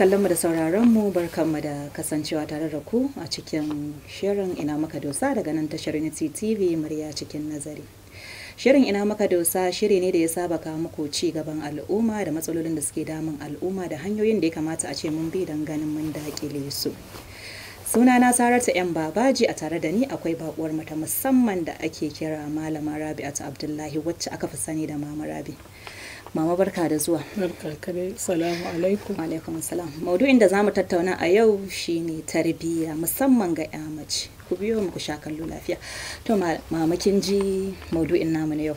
kallon da sauraron mu barkanmu da kasancewa tare da ku a cikin shirin ina maka dosa daga nan tashar Unity TV murya cikin nazari. Shirin ina maka dosa shiri ne da ya saba ka muku ci gaban al'umma da matsalolin da suke damun al'umma da hanyoyin da ya kamata a ce mun bi don ganin mun dakile su. sunana saratu yan babaji a tare da ni akwai bakuwar mata musamman da ake kira malama rabi'atu abdullahi wacce aka fi sani da mama rabi Mama barka da zuwa. Barka dai. Salamu alaikum. Wa alaikum salam. Maudu'in da zamu tattauna a yau shine tarbiyya musamman ga ƴa mace. Ku biyo mu ku sha kallo lafiya. To mama kin ji maudu'in namu na yau.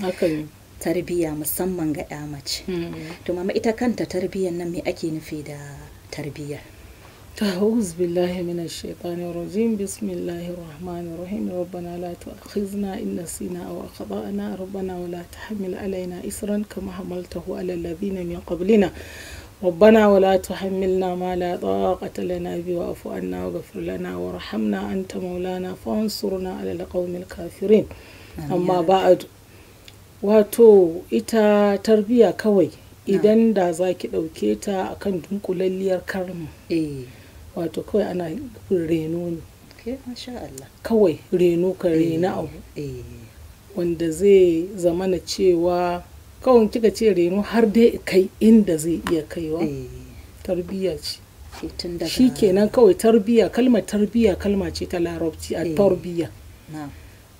Haka ne. Tarbiyya musamman ga ƴa mace. Mm-hmm. To mama ita kanta tarbiyyar nan me ake nufi da tarbiyyar? أعوذ بالله من الشيطان الرجيم بسم الله الرحمن الرحيم ربنا لا تؤاخذنا إن نسينا أو أخطأنا ربنا ولا تحمل علينا إسرا كما حملته على الذين من قبلنا ربنا ولا تحملنا ما لا طاقة لنا به واعف عنا واغفر لنا وارحمنا أنت مولانا فانصرنا على القوم الكافرين أما بعد واتو إتا تربية كوي idan da za ki ɗauke ta akan dunkulalliyar karnu wato kawai ana reno ne kawai reno ka eh, reno abu eh. wanda zai zamana cewa kawai kika ce reno har dai kai inda zai iya kaiwa eh. tarbiya ce shi kenan kawai tarbiyya kalma tarbiyya kalma ce ta larabci a tarbiyya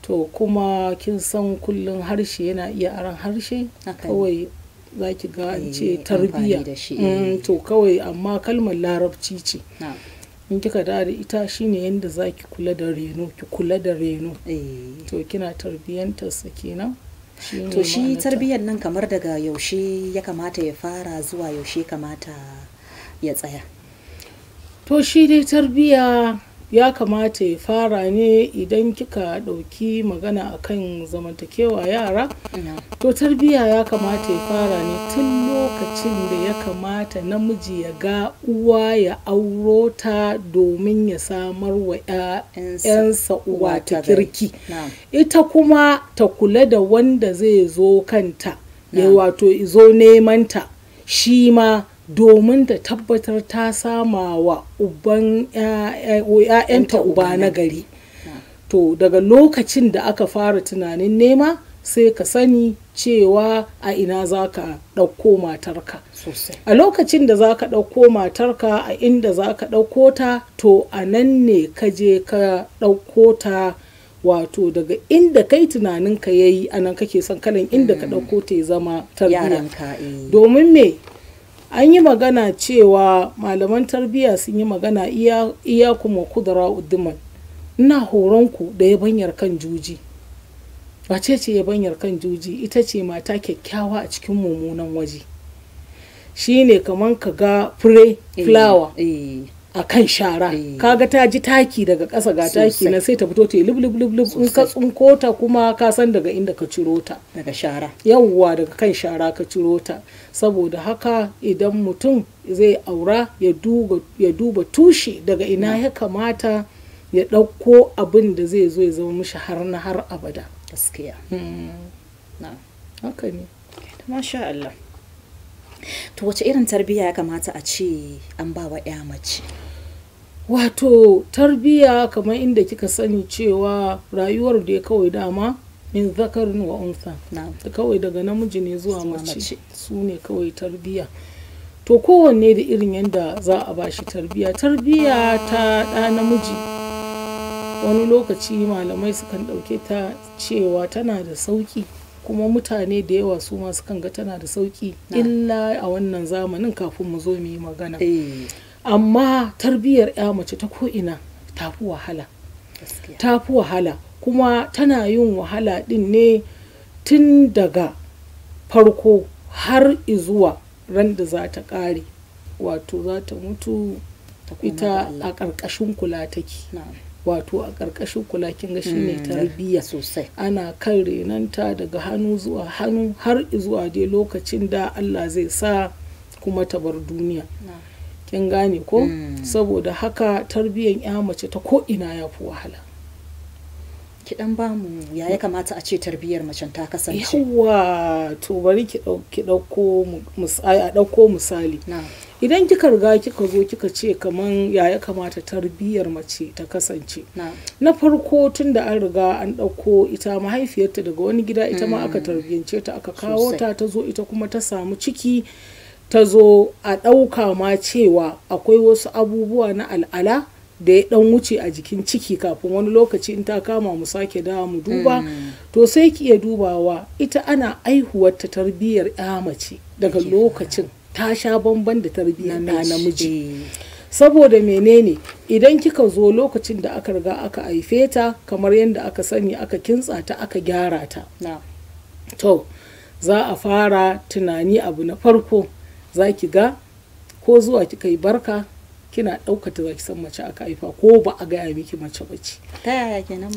to kuma kin san kullum harshe yana iya aran harshe kawai za ki ga an ce eh, tarbiyya mm, eh. to kawai amma kalmar larabci ce in kika da da ita shine yadda za ki kula da reno ki kula da reno eh. to kina tarbiyyantarsa kenan to shi tarbiyyar nan kamar daga yaushe ya kamata ya fara zuwa yaushe kamata ya tsaya to shi dai tarbiyya ya kamata ya fara ne idan kika ɗauki magana akan zamantakewa yara to tarbiyya ya kamata ya fara ne tun lokacin da ya kamata namiji ya ga uwa ya auro ta domin ya samar wa 'yansa uwa ta kirki ita kuma ta kula da wanda zai zo kanta ya wato zo neman shi ma domin ta tabbatar ta sama wa uban ‘ya'yanta uba na gari to daga lokacin da aka fara tunanin nema sai ka sani cewa a ina za ka ɗauko matarka a lokacin da za ka ɗauko matarka a inda za ka ɗauko ta to a nan ne ka je ka ɗauko ta wato daga inda kai tunanin ka yayi anan kake son kalan inda ka mm. ɗauko ta ya zama tarbiyya eh. domin me an yi magana cewa malaman tarbiyya sun yi magana iya kuma kudura uduman, ina horonku da ya banyar kan juji wace ce ya banyar kan juji ita ce mata kyakkyawa a cikin mummunan waje shine kamar ka ga fure eh, flower eh. a kan shara eh. kaga ta ji taki daga ƙasa ga taki na sai ta fito ta yi lub in ka tsunko ta kuma ka san daga inda ka ciro ta daga shara yawwa daga kan shara ka ciro ta saboda haka idan mutum zai aura ya duba tushe daga ina mm. ya kamata ya ɗauko abin da zai zo ya zama mishi har na har abada gaskiya hmm. haka ne masha Allah to wace irin tarbiyya ya kamata a ce an ba wa 'ya mace wato tarbiya kamar inda kika sani cewa rayuwar da ya kawai dama min zakarin wa unsa da kawai daga namiji ne zuwa mace su ne kawai tarbiya to kowanne da irin yadda za a bashi tarbiya tarbiya ta ɗa namiji wani lokaci malamai sukan ɗauke ta cewa tana da sauƙi kuma mutane da yawa su ma sukan ga tana da sauƙi illa a wannan zamanin kafin mu zo mu yi magana eh. amma tarbiyyar ya mace ta ko'ina tafi wahala tafi wahala kuma tana yin wahala din ne tun daga farko har izuwa ran da za ta ƙare wato za ta mutu ita a ƙarƙashin kula take wato a ƙarƙashin kula kin ga ne mm, tarbiyya sosai ana kan renanta daga hannu zuwa hannu har izuwa dai lokacin da Allah zai sa kuma ta bar duniya kin gane ko mm. saboda haka tarbiyyar ya mace ta ko ina ya fi wahala ki dan ba ya ya kamata a ce tarbiyyar macen ta kasance yawa to bari ki dauko misali idan kika riga kika zo kika ce kamar ya ya kamata tarbiyyar mace ta kasance na farko tun da an riga an dauko ita mahaifiyarta daga wani gida ita ma mm. aka tarbiyyance ta aka kawo ta ta zo ita kuma ta samu ciki ta zo a ɗauka ma cewa akwai wasu abubuwa na al'ala da ya ɗan wuce a jikin ciki kafin wani lokaci in ta kama mu sake dawa mu duba mm. to sai ki iya dubawa ita ana aihuwar ta tarbiyyar ya mace daga lokacin ta sha bamban da tarbiyyar na namiji saboda menene idan kika zo lokacin da aka riga aka haife ta kamar yadda aka sani aka kintsa ta aka gyara ta to za a fara tunani abu na farko za ki ga ko zuwa kika yi barka kina ɗaukata za ki san mace aka haifa ko ba a gaya miki mace ce. ta yaya kenan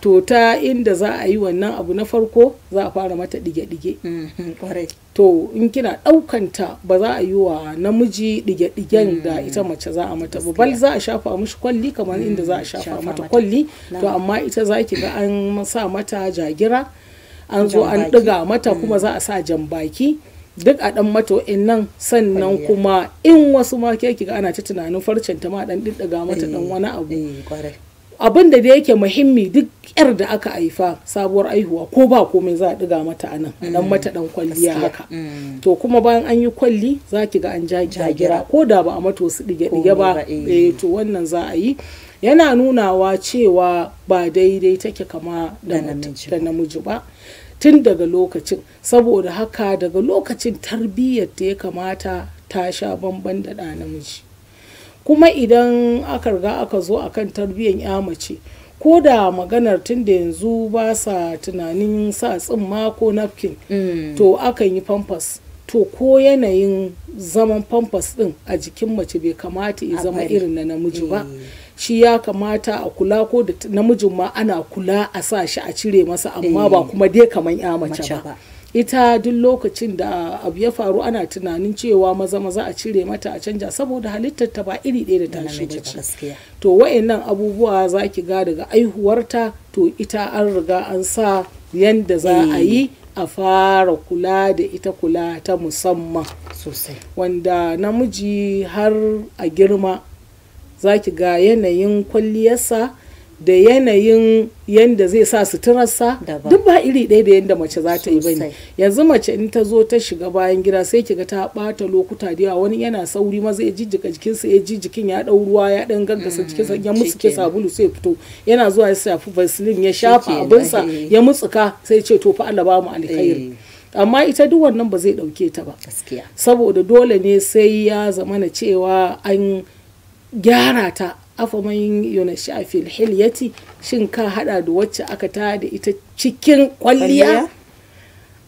to ta inda za a yi wannan abu na farko za a fara mata ɗige-ɗige. Mm-hmm, to in kina ɗaukanta ba za a yi wa namiji dige-digen da mm. ita mace za a mata bal za a shafa mishi kwalli kamar inda za a mm, shafa mata kwalli to amma ita za ki ga an sa mata jagira an zo an ɗiga mata mm. kuma za a sa jan baki duk a dan mato nan sannan kuma in wasu ma ke kiga ana ta tunanin farcen ta ma dan diddiga mata dan eh, wani abu eh, abin da yake muhimmi duk yar da aka haifa sabuwar aihuwa ko ba komai za a diga mata anan a dan mm, mata dan kwalliya haka mm. to kuma bayan an yi kwalli za ki ga an jagira ko da ba a mato su dige dige ba eh. eh to wannan za a yi yana nunawa cewa ba daidai take kama da namiji ba tun daga lokacin saboda haka daga lokacin tarbiyyar da ya kamata ta sha bamban da ɗa namiji kuma idan aka riga aka zo a kan tarbiyyar ya mace ko da maganar tun da yanzu ba sa tunanin sa tsumma ko napkin mm. to akan yi famfas to ko yanayin zaman famfas din a jikin mace bai kamata ya zama irin na namiji ba mm. shi ya kamata a kula ko da namijin ma ana kula a sa shi a cire masa amma ba eh, kuma dai kamar ya mace ba ita duk lokacin da abu ya faru ana tunanin cewa maza maza a cire mata a canja saboda halittar ta ba iri ɗaya da tashi bace to wayannan abubuwa za ki ga daga aihuwarta to ita an riga an sa yanda za a yi eh. a fara kula da ita kula ta musamman sosai wanda namiji har a girma za ki ga yanayin kwalliyarsa da yanayin yanda zai sa suturarsa duk ba iri ɗaya da yanda mace za ta yi ne yanzu mace in ta zo ta shiga bayan gida sai ki ga ta ɓata lokuta da yawa wani yana sauri maza ya jijjiga jikinsa ya ji jikin ya ɗau ruwa ya ɗan gaggasa mm, jikinsa ya mutsuke sabulu sai fito yana zuwa ya shafi vaseline ya shafa abinsa eh. ya mutsuka sai ce to fa Allah ba mu alkhairi eh. amma ita duk wannan ba zai ɗauke ta ba saboda dole ne sai ya zamana cewa an gyara ta afaman filhil ya ci shin ka hada da wacce aka ta da ita cikin kwalliya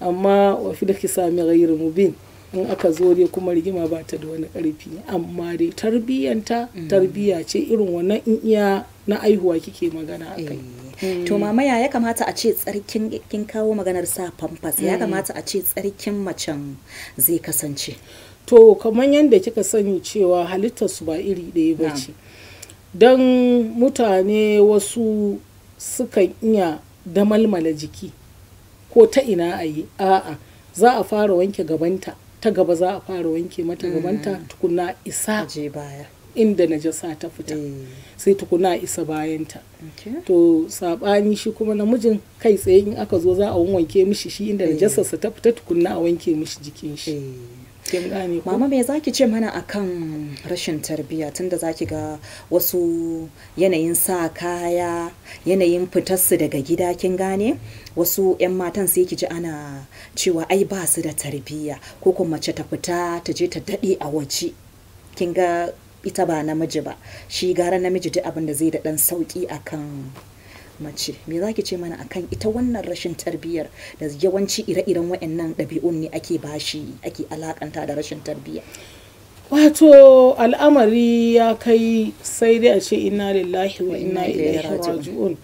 amma wa fi da sami ghairu mubin in aka zo dai kuma rigima ba ta da wani karfi amma dai tarbiyyanta mm. tarbiya ce irin wannan in iya na aihuwa kike magana a eh. to mm. mamaya ya ya kamata a ce tsarkin kin kawo maganar sa famfas ya mm. kamata a ce tsarkin macen zai kasance to kamar yadda kika sani cewa halittarsu ba iri ɗaya ba ce don mutane wasu sukan iya damalmala jiki ko ta ina a yi a'a za a fara wanke gabanta ta gaba za a fara wanke mata gabanta mm. tukuna isa inda najasa ta fita eh. sai tukuna isa bayanta to sabani shi kuma namijin kai tsaye in aka zo za a wanke mishi shi inda eh. najasarsa ta fita tukuna a wanke mishi jikin shi eh. mama me zaki ce mana akan rashin tarbiyya tunda zaki ga wasu yanayin sa kaya yanayin fitarsu daga gida kin gane wasu 'yan matan sai ki ji ana cewa ai ba su da tarbiyya ko kuma mace ta fita ta je ta daɗe a waje kinga ita ba namiji ba shi gara namiji duk abin da zai da ɗan sauƙi akan mace me za ki ce mana akan ita wannan rashin tarbiyyar da yawanci ire-iren waɗannan ɗabi'un ne ake bashi ake alakanta da rashin tarbiyya wato al'amari ya kai sai dai a ce inna lillahi wa inna ilaihi raji'un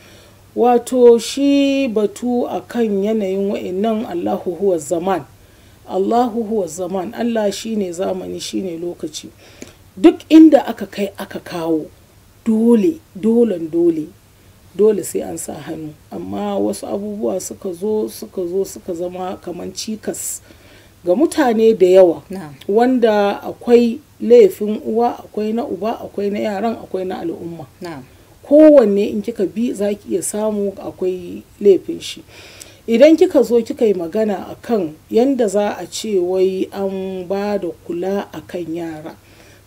wato shi batu akan yanayin wa'annan allahu huwa zaman allahu huwa zaman allah shine zamani shine lokaci duk inda aka kai aka kawo dole dolen dole dole sai an sa hannu amma wasu abubuwa suka zo suka zo suka zama kamar cikas ga mutane da yawa wanda akwai laifin uwa akwai na uba akwai na yaran akwai na al'umma kowanne in kika bi za ki iya samu akwai laifin shi idan kika zo kika yi magana a kan yadda za a ce wai an ba da kula a kan yara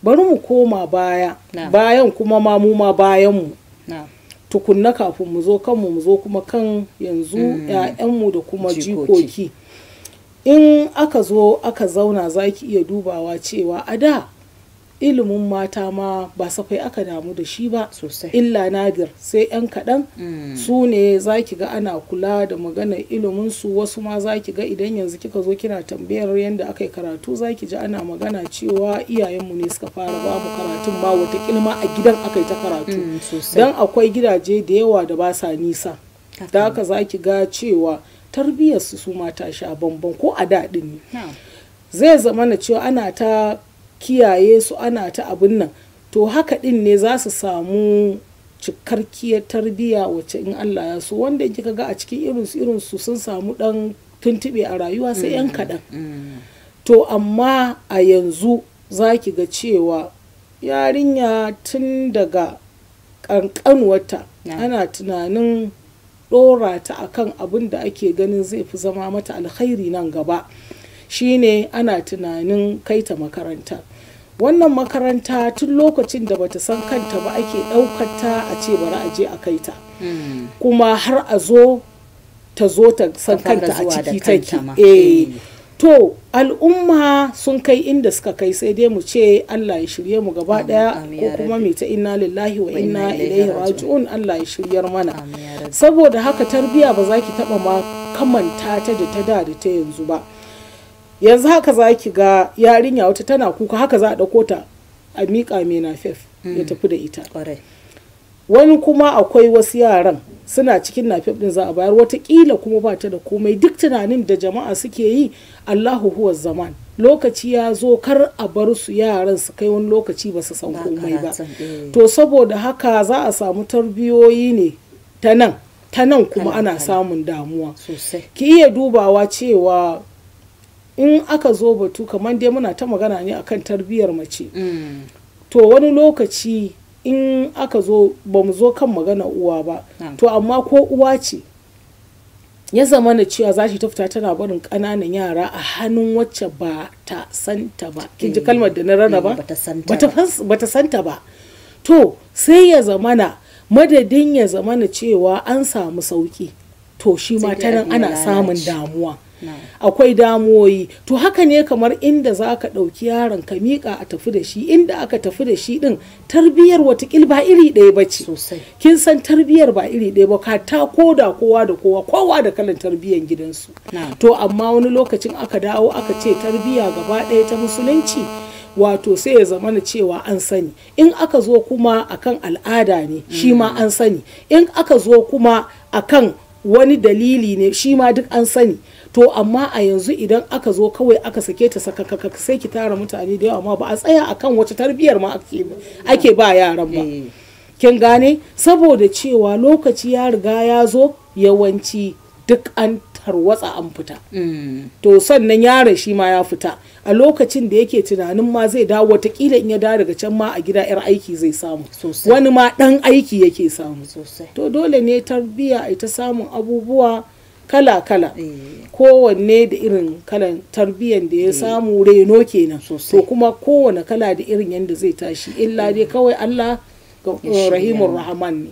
bari mu koma baya bayan kuma ma mu ma bayanmu. tukunna kafin mu zo kanmu mu zo kuma kan yanzu ‘ya'yanmu mm. da kuma jikoki in aka zo aka zauna zaki iya dubawa cewa a da ilimin mata ma ba safai aka damu da shi ba sosai illa nadir sai yan kaɗan mm. su ne za ki ga ana kula da maganar ilimin su wasu ma za ki ga idan yanzu kika zo kina tambayar yadda aka yi karatu za ki ji ana magana cewa iyayenmu ne suka fara babu karatun ba wata kilma a gidan aka yi ta karatu mm, don akwai gidaje da yawa da ba sa nisa da haka za ki ga cewa tarbiyyarsu su mata sha bamban ko a daɗin ne zai zama na cewa ana ta kiyaye su ana ta abin nan to haka din ne za su samu cikakkiyar tarbiyya wacce in Allah ya so wanda kika ga a cikin irinsu irinsu sun samu ɗan tuntube a rayuwa sai 'yan mm, kaɗan mm. to amma a yanzu za ki ga cewa yarinya tun daga ƙanƙanuwarta ana tunanin ɗora ta akan abin da ake ganin zai fi zama mata alkhairi nan gaba shine ana tunanin kaita makarantar makaranta wannan makaranta tun lokacin da bata san kanta ba ake ɗaukar ta a ce bari a je a kai ta hmm. kuma har a zo ta zo ta san kanta a ciki take eh hmm. to al'umma sun kai inda suka kai sai dai mu ce Allah ya shirye mu gaba daya ko kuma mu ta inna lillahi wa inna ilaihi raji'un Allah ya shiryar mana saboda haka tarbiya ba za ki taba ma kamanta ta da ta da ta yanzu ba yanzu haka za ki ga yarinya wata tana kuka haka za a ɗauko ta a miƙa mai nafef ya mm. tafi da ita wani kuma akwai wasu yaran suna cikin nafef ɗin za a bayar watakila kuma ba ta da komai duk tunanin da jama'a suke yi allahu huwa zaman lokaci ya zo kar a bar su yaran su kai wani lokaci ba su san komai ba eh. to saboda haka za a samu tarbiyoyi ne ta nan ta nan kuma ana samun damuwa ki iya dubawa cewa in aka zo batu kamar dai muna ta magana ne akan tarbiyyar mace mm. to wani lokaci in aka zo ba mu zo kan magana uwa ba to amma ko uwa ce ya zama na cewa za ta fita tana barin ƙananan yara a hannun wacce ba ta santa ba kin ji eh, kalmar da na rana ba eh, ba ta santa ba to sai ya zamana madadin ya zamana cewa an samu sauki to shi ma ta nan ana samun damuwa akwai damuwoyi to haka ne kamar inda za ka ɗauki yaron ka miƙa a tafi da shi inda aka tafi da shi ɗin tarbiyyar watakil ba iri ɗaya ba ce kin san tarbiyyar ba iri ɗaya ba ka ta koda kowa da kowa kowa da kalan tarbiyyar gidansu to amma wani lokacin aka dawo aka ce tarbiyya gaba ɗaya ta musulunci wato sai ya zama na cewa an sani in aka zo kuma akan al'ada ne shi ma an sani in aka zo kuma akan wani dalili ne shi ma duk an sani to amma a yanzu idan aka zo kawai aka sake ta sakakaka sai ki tara mutane da yawa ma ba a tsaya akan wata tarbiyyar ma ake ba yaran ba eh. kin gane saboda cewa lokaci ya riga ya zo yawanci duk an tarwatsa an fita mm. to sannan yaron shi ma ya fita a lokacin da yake tunanin ma zai dawo watakila in ya dawo daga can ma a gida yar aiki zai samu wani ma dan aiki yake samu to dole ne tarbiya ita samun abubuwa kala-kala eh. kowanne da irin kalan tarbiyyar da ya eh. samu reno kenan to kuma kowane kala da irin yadda zai tashi illa eh. dai kawai allah rahimun rahman ne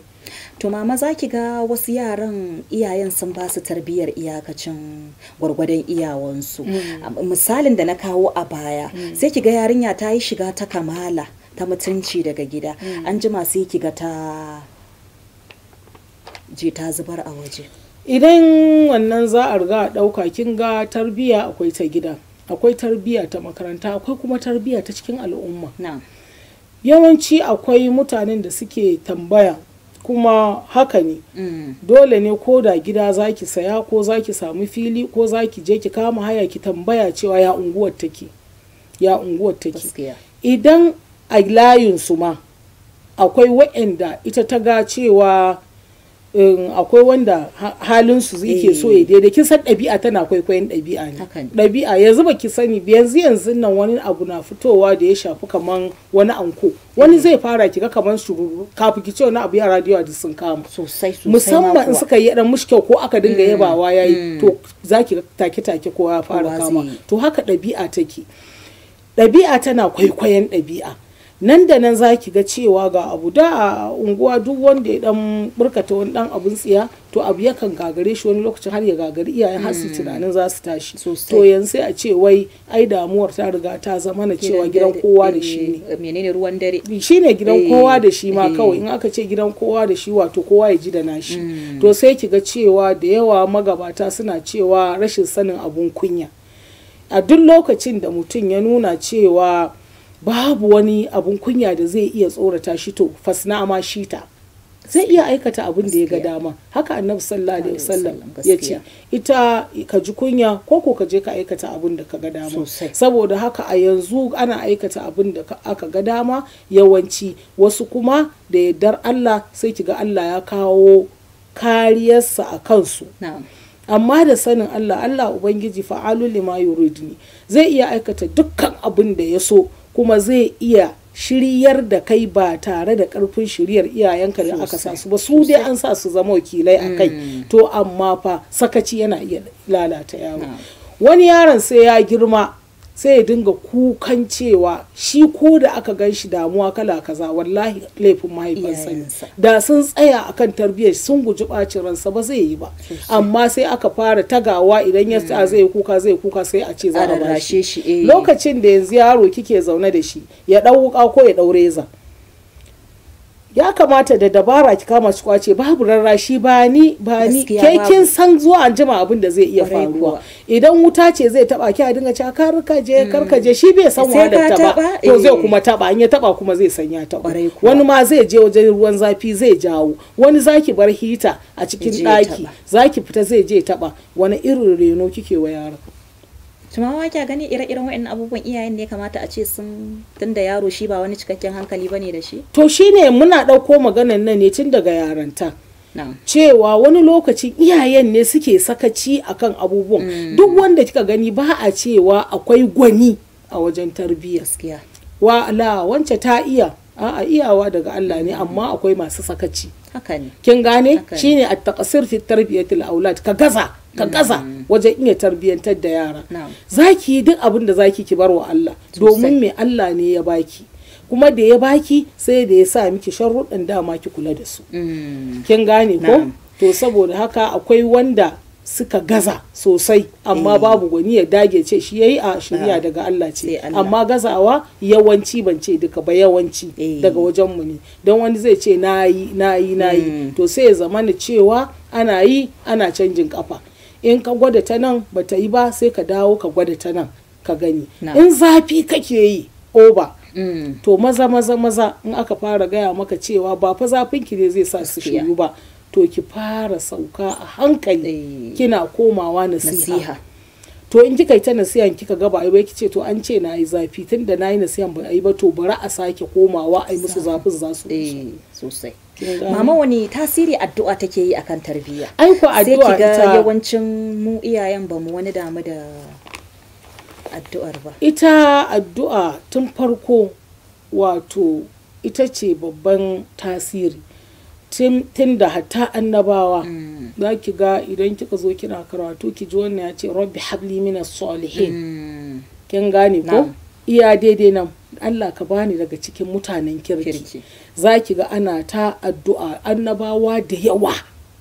to mama za ki ga wasu yaran iyayen sun ba su tarbiyyar iyakacin gwargwadon iyawansu mm. misalin da na kawo a baya mm. sai ki ga yarinya ta yi shiga ta kamala ta mutunci daga gida mm. an jima sai ki ga ta je ta zubar a waje idan wannan za a riga a ɗauka kin ga tarbiyya akwai ta gida akwai tarbiyya ta makaranta akwai kuma tarbiya ta cikin al'umma yawanci akwai mutanen da suke tambaya kuma haka ne mm. dole ne ko da gida za ki saya ko za ki samu fili ko za ki je ki kama haya ki tambaya cewa ya unguwar take ya unguwar take idan a layin su ma akwai wa'anda ita ta ga cewa akwai wanda halin su yake so ya eh. daidai kin san ɗabi'a tana kwaikwayon ɗabi'a ne ɗabi'a yanzu baki sani yanzu yanzu nan wani abu na fitowa da ya shafi kaman wani anko wani mm. zai fara kiga kaman su kafin ki ce wani abu yara da sun kama sosai sosai musamman in suka yi dan mushkil ko aka dinga mm, yabawa yayi mm. to zaki take take ko ya fara kama to haka ɗabi'a take ɗabi'a tana kwaikwayon ɗabi'a nan da nan za ki ga cewa ga abu da a unguwa duk wanda ya dan burkata wani dan abun tsiya to abu yakan gagare shi wani lokacin har ya gagari iyayen har su hmm. tunanin za su tashi to yanzu sai a ce wai ai damuwar ta riga ta zama na cewa gidan kowa da eh, shi ne eh, menene ruwan dare shi ne gidan eh, kowa da shi ma kawai in aka ce gidan kowa da shi wato kowa ya ji da nashi hmm. to sai ki ga cewa da yawa magabata suna cewa rashin sanin abun kunya a duk lokacin da mutum ya nuna cewa babu wani abun kunya da zai iya tsorata shi to fasna ma shi ta zai iya aikata abin da ya ga dama haka annabi sallallahu alaihi wasallam ya ce ita ka ji kunya ko ko ka je ka aikata abin da ka ga dama saboda haka a yanzu ana aikata abin da aka ga dama yawanci wasu kuma da yardar Allah sai ki ga Allah ya kawo kariyarsa a kansu amma da sanin Allah Allah ubangiji fa'alul lima yuridni zai iya aikata dukkan abin da ya so kuma zai iya shiryar da kai ba tare da karfin shiryar iyayenka da aka sa su ba su dai an sa su zama wakilai a kai mm. to amma fa sakaci yana iya lalata yawo wani yaron sai ya girma sai ya dinga kukan cewa shi ko da aka gan shi damuwa kala kaza wallahi laifin mahaifinsa ne da sun tsaya akan tarbiyyar sun guji ɓacin ransa ba zai yi ba amma sai aka fara tagawa idan ya sa zai kuka zai kuka sai a ce za a bashi eh. lokacin da yanzu yaro kike zaune da shi ya ɗau wuka ko ya ɗau reza ya kamata da dabara ki kama su kwace babu rarrashi ba ni ba ni ke kin san zuwa an jima abin da zai iya faruwa idan wuta ce zai taba ki a dinga cewa ka je hmm. ka je shi bai san wa da taba to zai eh. kuma taba an ya taba kuma zai sanya ta wani ma zai je wajen ruwan zafi zai jawo wani zaki bar hita a cikin daki zaki fita zai je taba wani irin reno kike wa yaron shi ma kya gani ire-iren wa'annan abubuwan iyayen ne kamata a ce sun tunda yaro shi ba wani cikakken hankali bane da shi to shine muna ɗauko maganan nan ne tun daga yaranta cewa wani lokacin iyayen ne suke sakaci akan abubuwan mm. duk wanda kika gani ba a cewa akwai gwani a wajen tarbiyya wala wance ta iya a'a iyawa daga Allah ne amma akwai masu sakaci Haka ne. kin gane shine at taqsir fi tarbiyatil aulad ka gaza ka gaza wajen iya tarbiyantar da yara zaki duk abin da zaki ki barwa Allah domin me Allah ne ya baki kuma da ya baki sai da ya sa miki sharruɗin dama ki kula da su mm. kin gane ko to saboda haka akwai wanda suka gaza sosai amma eh. babu wani ya dage ce shi yayi a shirya ah, daga Allah ce amma gazawa yawanci ban ce duka ba yawanci eh. daga wajen mu ne don wani zai ce nayi nayi nayi hmm. to sai ya zamana cewa ana yi ana canjin kafa in ka gwada ta nan bata yi ba sai ka dawo ka gwada ta nan ka gani in zafi kake yi oba Mm. to maza maza maza in aka fara gaya maka cewa ba fa zafin ki ne zai sa su shiru ba to ki fara sauka a hankali eh. kina komawa nasiha to in kika yi ta nasiha kika ga ba ai bai kice to an ce na yi zafi tun da na yi nasiha ba ai ba to bari a sake komawa ai musu zafin za su eh, sosai mama wani tasiri addu'a take yi akan tarbiyya ai ko addu'a ga yawancin mu iyayen ba mu wani damu da addu'ar ba ita addu'a tun farko wato ita ce babban tasiri tun da hatta annabawa mm. za ki ga idan kika zo kina karatu ki ji wannan ya ce rabbi habli mina salihin mm. kin gane ko iya daidai nan Allah ka bani daga cikin mutanen kirki za ki ga ana ta addu'a annabawa da yawa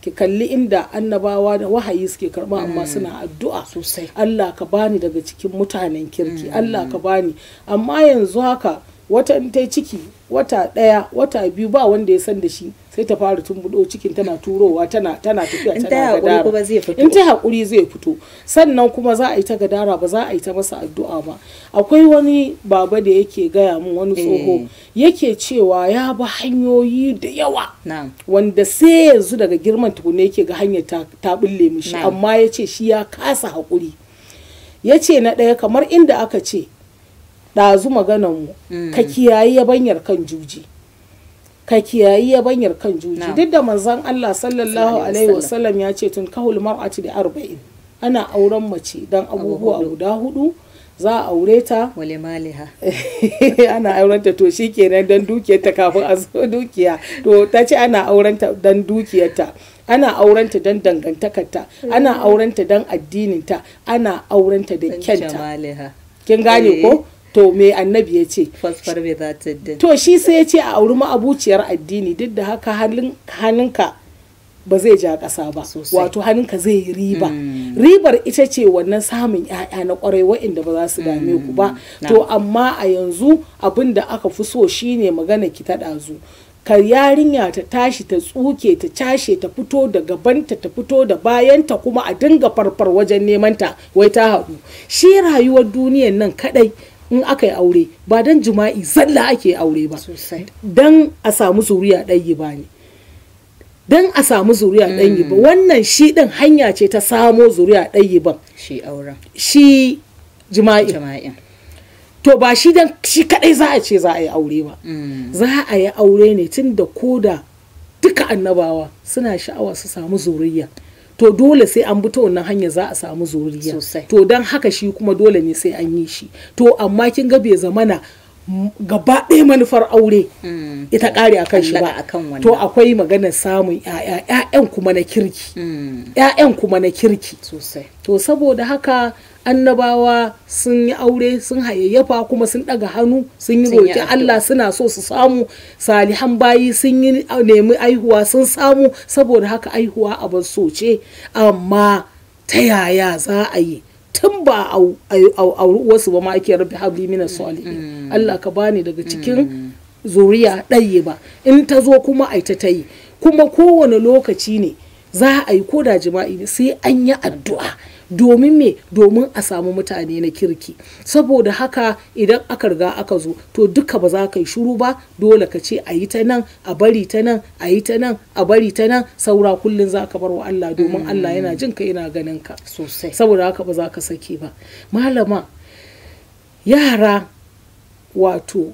ki kalli inda annabawa da wahayi suke karba amma mm. suna addu'a sosai Allah ka bani daga cikin mutanen kirki Allah ka bani amma yanzu haka wata ta ciki wata ɗaya wata biyu ba wanda ya san da shi sai ta fara tumbudo cikin tana turowa tana tana tafiya tana gadara in ta hakuri zai fito sannan kuma za a yi ta gadara ba za a yi ta masa addu'a ba akwai wani baba da yake gaya mun wani eh. tsoho yake cewa ya ba hanyoyi da yawa wanda sai yanzu daga girman tukuna yake ga hanyar ta bulle mishi amma yace shi ya kasa hakuri yace na ɗaya kamar inda aka ce ɗazu maganan mu ka mm. kiyaye yabanyar kan juji ka kiyayi yabanyar kan juji duk da manzon Allah sallallahu alaihi wasallam ya ce tun kahul mar'ati da arba'in ana auren mace dan abubuwa guda hudu za a aure ta wale maliha ana auren ta to shikenan dan dukiyarta kafin a zo dukiya to ta ce ana auren ta dan dukiyarta ana auren ta don dangantakarta ana mm. auren ta don addininta ana auren ta da kyanta kin gane ko eh. to me annabi ya ce to shi sai ya ce a auri ma'abuciyar addini duk da haka hannunka ba zai ja ƙasa ba wato hannunka zai yi riba hmm. ribar ita ce wannan samun 'ya'ya na kwarai waɗanda ba za su dame ku ba hmm. to amma a yanzu abin da aka fi so shine magana ki ta ɗazu ka yarinya ta tashi ta tsuke ta cashe ta fito da gabanta ta fito da bayanta kuma a dinga farfar wajen neman ta wai ta haɗu shi rayuwar duniyan nan kaɗai in aka yi aure ba dan jima'i zalla ake aure ba dan a samu zuriya ɗayi ba ne dan a samu zuriya ɗayi ba mm. wannan shi ɗin hanya ce ta samo zuriya ɗayi ba shi aure shi jima'i to ba shi dan shi kadai za a ce za a yi aure ba mm. za a yi aure ne tun da koda duka annabawa suna sha'awa su samu zuriya to dole sai an bi ta wannan hanya za a samu zuriya to don haka shi kuma dole ne sai an yi shi to amma kin ga bai zamana gaba ɗaya manufar aure mm. ita ƙare a kan shi ba to akwai maganar samun ‘ya'yan kuma na kirki mm. ‘ya'yan kuma na kirki to saboda haka annabawa sun yi aure sun hayayyafa kuma sun daga hannu sun yi roƙi Allah suna so su samu salihan bayi sun yi nemi aihuwa sun samu saboda haka aihuwa a so ce amma ta yaya za a yi tun ba a wasu ba ma ake rabbi habli mina mm, salihin mm. Allah ka bani daga cikin mm. zuriya ɗaye ba in ta zo kuma ai ta yi kuma kowane lokaci ne za a yi ko da jima'i sai an yi addu'a domin me domin a samu mutane na kirki saboda haka idan aka riga aka zo to duka ba za ka yi shuru ba dole ka ce a yi ta nan a bari ta nan a yi ta nan a bari ta nan saura kullum za ka bar wa Allah domin Allah yana mm. jin ka yana ganin ka sosai saboda haka ba za ka sake ba malama yara wato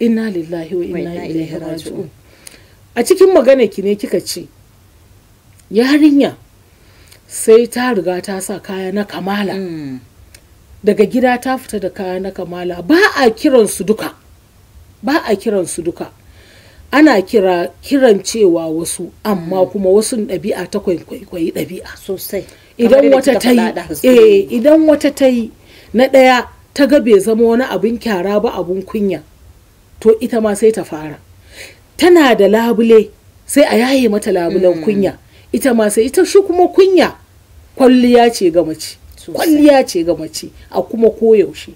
inna lillahi wa inna ilaihi raji'un a cikin magana ki ne kika ce yarinya sai ta riga ta sa kaya na kamala mm. daga gida ta fita da kaya na kamala ba a kiransu duka ba a kiransu duka ana kira kiran cewa wasu amma mm. kuma wasu ɗabi'a ta kwaikwayi ɗabi'a sosai idan wata ta yi eh, idan wata ta yi na ɗaya ta ga bai zama wani abin kyara ba abin kunya to ita ma sai ta fara tana da labule sai a yaye mata labulen mm. kunya ita ma sai ita shi kuma kunya kwalliya ce ga mace kwalliya ce ga mace a kuma koyaushe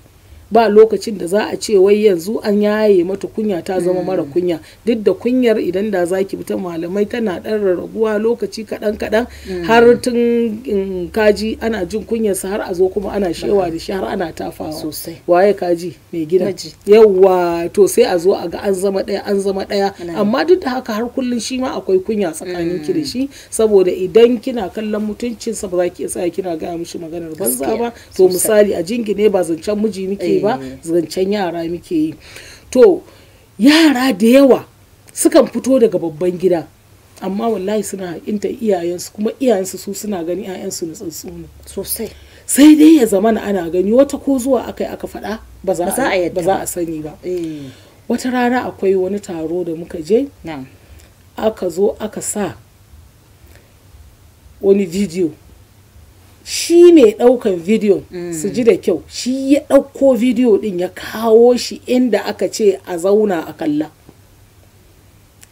ba lokacin da za a ce wai yanzu an yaye mata kunya ta zama mara mm. kunya duk da kunyar idan da za ki ta malamai tana ɗan lokaci kaɗan kaɗan mm. har tun kaji ana jin kunyarsa har a zo kuma ana shewa da shi har ana tafawa sosai waye kaji mai gida yawwa to sai a zo a ga an zama ɗaya an zama ɗaya amma duk da haka har kullum shi ma akwai kunya tsakanin ki da mm. shi saboda idan kina kallon mutuncinsa ba za ki iya tsaya kina gaya mishi maganar banza ba to misali a jingine ba zancen miji miki yi ba mm. zancen yara muke yi to yara da yawa sukan fito daga babban gida amma wallahi suna inta iyayensu kuma iyayensu su suna gani 'ya'yansu na tsuntsu ne sosai sai dai ya zama na ana gani wata ko zuwa aka yi aka faɗa ba za a sani ba mm. wata rana akwai wani taro da muka je aka zo aka sa wani bidiyo shi mai ɗaukan video su ji da kyau shi ya ɗauko video ɗin ya kawo shi inda aka ce a zauna a kalla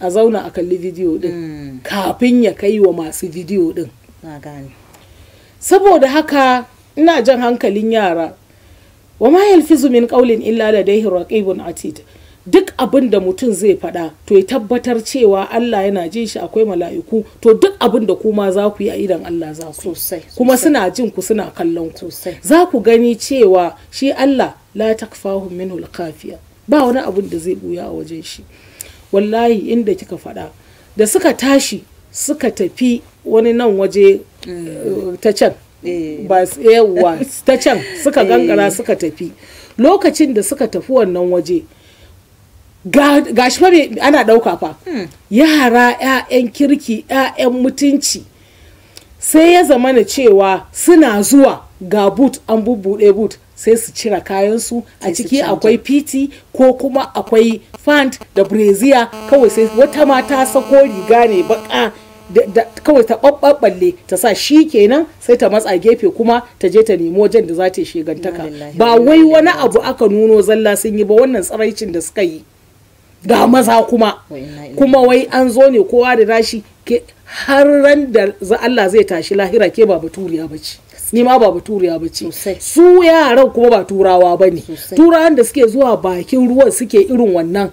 a zauna a kalli video ɗin mm. kafin ya kai wa masu video ɗin saboda haka ina jan hankalin yara wa ma yalfizu min qawlin illa ladayhi raqibun atid duk abin da mutum zai faɗa to ya tabbatar cewa Allah yana jin shi akwai mala'iku to duk abin da kuma za ku yi a idan Allah za ku sosai kuma suna jin ku suna kallon ku za ku gani cewa shi Allah la takfahu minhu alkafiya ba wani abin da zai buya a wajen shi wallahi inda kika faɗa da suka tashi suka tafi wani nan waje mm. ta can eh. ba ta can suka gangara eh. suka tafi lokacin da suka tafi wannan waje ga shi ana ɗauka fa hmm. yara 'ya'yan kirki 'ya'yan mutunci sai ya zama na cewa suna zuwa ga but an bubbuɗe but sai su cira kayansu a ciki akwai piti ko kuma akwai fant da breziya kawai sai wata mata sako riga ne baka kawai ta ɓaɓɓalle ta sa shi kenan sai ta matsa gefe kuma ta je ta nemo wajen da za ta shigantaka ba wai wani abu aka nuno zalla sun yi ba wannan tsaraicin da suka yi ga maza kuma kuma wai an zo ne kowa da tashi ke har ran da Allah zai tashi lahira ke ba baturiya bace ni ma ba baturiya bace su yaran kuma ba turawa ba ne turawan da suke zuwa bakin ruwan suke irin wannan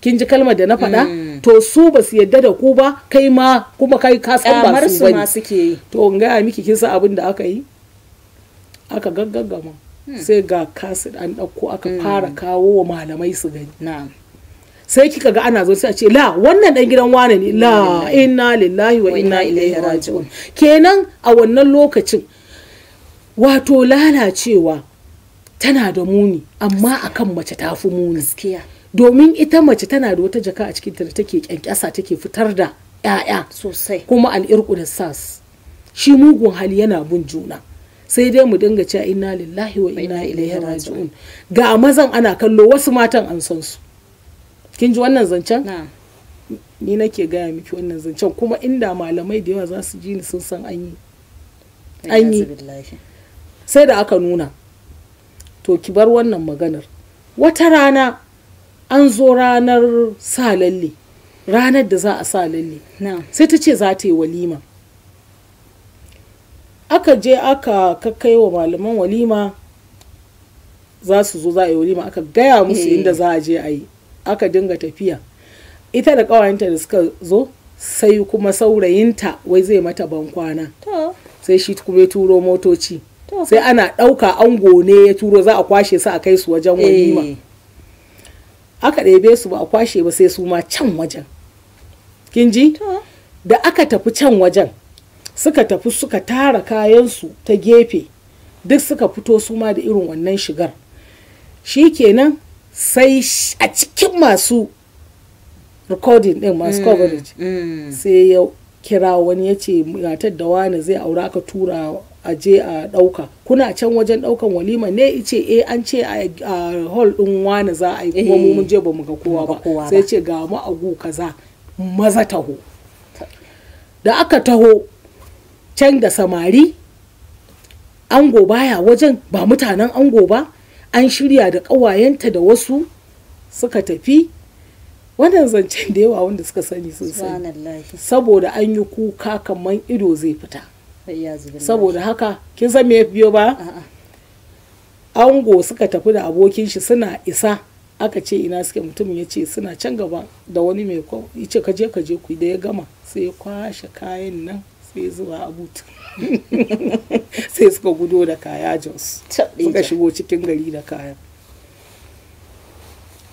kin ji kalmar da na faɗa mm. to su ba su yadda da ku ba kai ma kuma kai ka san ba su ne to in gaya miki kin san abin da aka yi aka gaggagama hmm. sai ga kasid an ɗauko aka hmm. fara kawo wa malamai su gani sai kika ga ana zo sai a ce la wannan dan gidan wane ne la inna lillahi wa inna ilaihi raji'un kenan a wannan lokacin wato lalacewa tana da muni amma akan mace ta fi muni domin ita mace tana da wata jaka a cikinta da take kyankyasa take fitar da 'ya'ya sosai kuma al'irku da sas shi mugun hali yana bin juna sai dai mu dinga cewa inna lillahi wa inna ilaihi raji'un ga mazan ana kallo wasu matan an san su kin ji wannan zancen ni nake gaya miki wannan zancen kuma inda malamai da yawa za su ji ni sun san an yi an yi sai da aka nuna to ki bar wannan maganar wata rana an zo ranar sa lalle ranar da za a sa lalle sai ta ce za ta yi walima aka je aka kakkai wa malaman walima za su zo za a yi walima aka gaya musu eh. inda za a je a yi aka dinga tafiya ita da ƙawayenta da suka zo sai kuma saurayinta wai zai mata bankwana sai shi kuma ya turo motoci sai ana ɗauka ango ne ya turo za a kwashe su a kai su wajen eh. walima aka ɗebe su ba a kwashe ba sai su ma can wajen kin ji da aka tafi can wajen suka tafi suka tara kayansu ta gefe duk suka fito su ma da irin wannan shigar shi kenan sai a cikin masu recording din masu mm, coverage mm. sai ya kira wani ya ce matar da wani zai aura aka tura a je a ɗauka kuna can wajen ɗaukan walima ne ice eh an ce a hall ɗin wani za a yi kuma mu eh, mun je ba ga kowa ba sai ce ga mu agu kaza maza taho da aka taho can da samari ango baya wajen ba mutanen ango ba an shirya da ƙawayenta da wasu suka tafi wannan zancen da yawa wanda suka sani sun sani saboda an yi kuka kamar ido zai fita saboda haka kin san me biyo ba ango suka tafi da abokin shi suna isa aka ce ina suke mutumin ya ce suna can gaba da wani mai kwa ya ce kaje kaje ku da ya gama sai ya kwashe kayan nan zuwa abuta sai suka gudo da kaya jos suka shigo cikin gari da kaya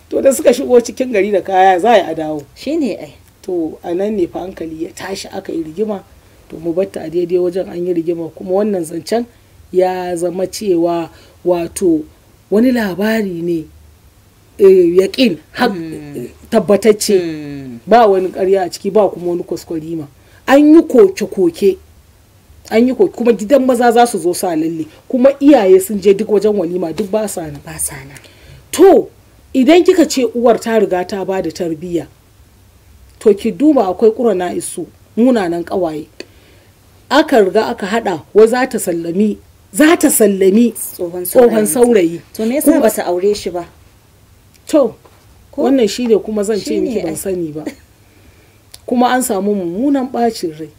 to da suka shigo cikin gari da kaya za a dawo ne ai to a nan ne fa hankali ya tashi aka yi rigima to mu batta a daidai wajen an yi rigima kuma wannan zancen ya zama cewa wato wani labari ne eh, yaƙin hmm. tabbatacce hmm. ba wani karya a ciki ba kuma wani kwaskwarima. an yi koke-koke an yi koke kuma gidan maza za su zo sa lalle kuma iyaye sun je duk wajen walima duk ba sa na ba sa na to idan kika ce uwar ta riga ta ba da tarbiyya to ki duba akwai na isu munanan ƙawaye aka riga aka haɗa wa za ta sallami za ta sallami tsohon saurayi to me yasa ba aure shi ba to wannan shi ne kuma zan ce miki ban sani ba kuma an samu mummunan bacin rai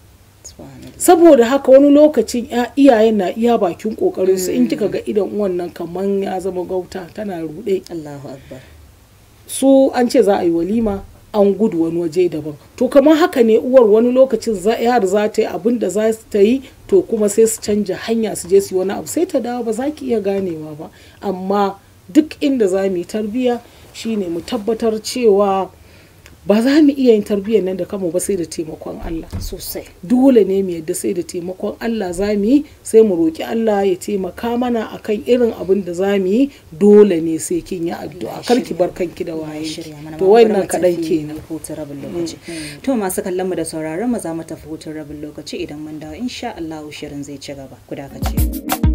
saboda haka wani lokacin iyayen na iya bakin kokarin su in mm. kika ga idan uwan nan kaman ya zama gauta tana rude Allahu akbar su an ce za a yi walima an gudu wani waje daban to kamar haka ne uwar wani lokacin yar za ta yi abin da za ta yi to kuma sai su canja hanya su je su yi wani abu sai ta dawo ba za ki iya ganewa ba amma duk inda za mu yi tarbiyya shine mu tabbatar cewa ba za mu iya yin tarbiyyar nan da kama ba sai da taimakon Allah sosai dole ne mu yadda sai da taimakon Allah za mu yi sai mu roki Allah ya taimaka mana akan irin abin da za mu yi dole ne sai kin yi addu'a kar ki bar kanki da waye to wannan kadan kenan hutun rabin mm, lokaci mm. to masu kallon mu da sauraron mu za mu tafi hutun rabin lokaci idan mun dawo insha Allah shirin zai ci gaba ku dakace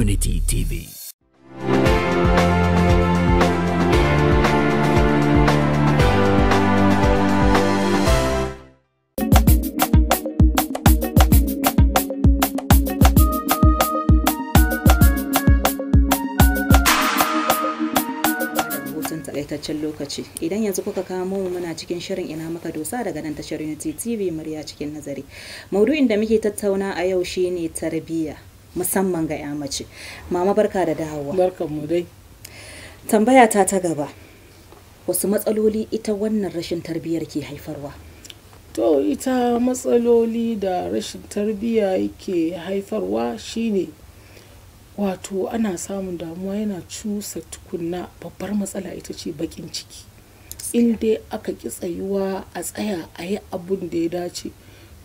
Unity TV. taƙaitaccen lokaci idan yanzu kuka kamo mu muna cikin shirin ina maka dosa daga nan tashar unity tv murya cikin nazari maudu'in da muke tattauna a yau shine tarbiyya musamman ga 'ya mace mama barka da dawowa barkanmu dai tambaya ta ta gaba wasu matsaloli ita wannan rashin tarbiyyar ke haifarwa to ita matsaloli da rashin tarbiyya yake haifarwa shine wato ana samun damuwa yana cusa tukunna babbar matsala ita ce bakin ciki in dai aka ki tsayuwa a tsaya a yi abun da ya dace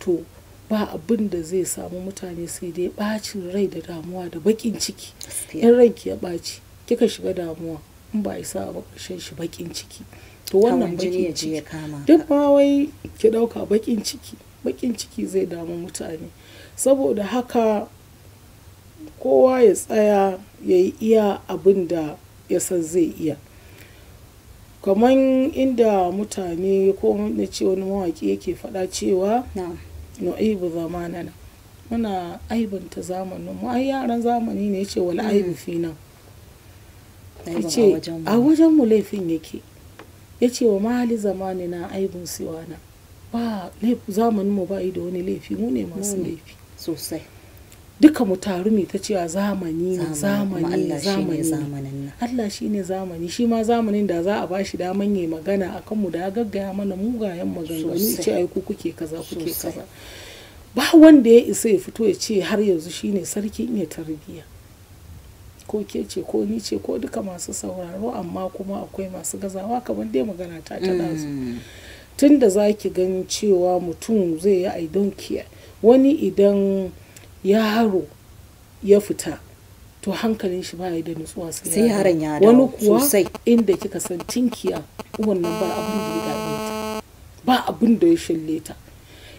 to ba abin da zai samu mutane sai dai bacin rai da damuwa da bakin ciki in ranki ya baci kika shiga damuwa in ba isa a bakashin shi bakin ciki to wannan bakin ciki duk ba wai ki dauka bakin ciki bakin ciki zai damu mutane saboda haka kowa ya tsaya ya yi iya abin da ya san zai iya kamar inda mutane ko na ce wani mawaƙi yake faɗa cewa nu'ibu eh, zamanana muna aibinta zamanin mu ai yaran zamani ne yace wal aibu mm. fi nan yace a wajen mu laifin yake yace wa mali na aibun siwana ba zamanin mu ba da wani laifi mu ne masu laifi sosai duka mu taru mai ta cewa zamani ne zamani ne zamani Allah shi ne zamani shi ma zamanin da za a ba shi daman yi magana a kanmu da gaggaya mana mugayen maganganu ce ai ku kuke kaza kuke kaza ba wanda ya isa ya fito ya ce har yanzu shine sarki iya tarbiyya ko ke ce ko ni ce ko duka masu sauraro amma kuma akwai masu gazawa kamar dai magana ta ta dazu mm. tun da za ki gani cewa mutum zai yi i don't care wani idan yaro ya fita to hankalin shi baya da nutsuwa sai yaron ya wani kuwa inda kika san tinkiya wannan ba abin da ya dame ta ba abin da ya shalle ta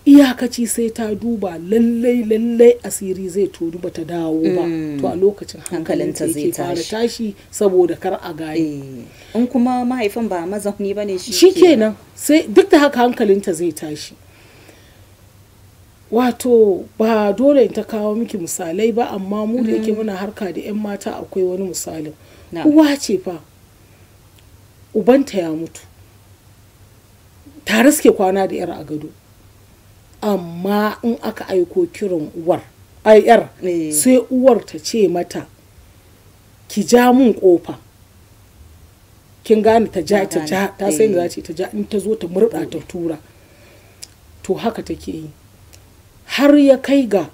iyakaci sai ta duba lallai lallai asiri zai tonu ba ta dawo ba mm. to a lokacin hankalin ta zai fara tashi saboda kar a gane eh, in kuma mahaifin ba mazauni ba ne shi kenan sai duk da haka hankalin ta zai tashi wato ba dole ta kawo miki misalai ba amma mu da yake mm. muna harka da 'yan mata akwai wani misalin uwa ce fa ubanta ya mutu tare suke kwana da 'yar a gado amma in aka aiko kiran uwar ai yar eh. sai uwar ta ce mata ki ja mun kofa kin gane ta ja ta ja ta sai za eh. ta ja in ta zo ta murda ta eh. tura to haka take yi har ya kai ga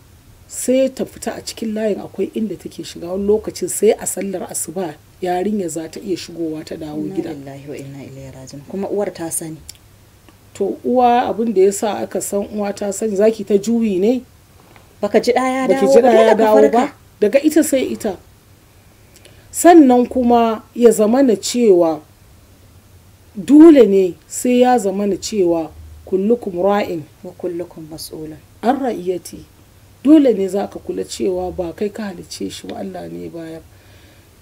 sai ta fita a cikin layin akwai inda take shiga wani lokacin sai a sallar asuba yarinya za ta iya shigowa ta dawo gida kuma uwar ta sani to uwa abin da ya sa aka san uwa ta sani zaki ta juyi ne baka ji ɗaya dawo dawo ba daga ita sai ita sannan kuma ya zama na cewa dole ne sai ya zama na cewa kullukum ra'in wa kullukum mas'ulun an ra'iyati dole ne za ka kula cewa ba kai ka halice shi wa Allah ne bayar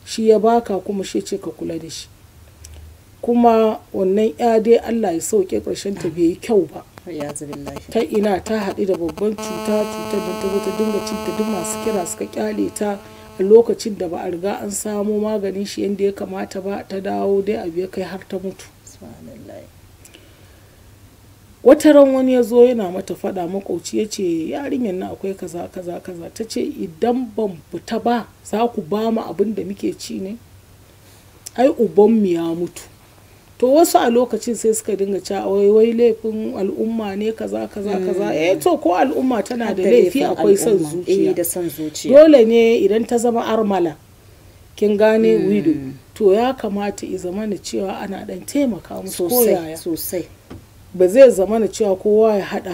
shi ya baka kuma shi ce ka kula da shi kuma wannan ya dai Allah ya sauke karshen ta bai yi kyau ba ta ina ta haɗu da babban cuta cutar da ta ta dinga cinta duk masu kira suka kyale ta a lokacin da ba a riga an samo maganin shi yadda ya kamata ba ta dawo dai abu ya kai har ta mutu wata ran wani ya zo yana mata fada makwauci ya ce yarinyar na akwai kaza kaza kaza ta ce idan ban fita ba za ku ba mu abin da muke ci ne ai ubanmu ya mutu to wasu a lokacin sai suka dinga ca wai laifin al'umma ne kaza kaza kaza hmm. eh to ko al'umma tana da laifi akwai eh, son zuciya dole ne idan ta zama armala kin gane hmm. widow to ya kamata i zamana cewa ana dan taimaka musu koyaya sosai ba zai zama na cewa kowa ya haɗa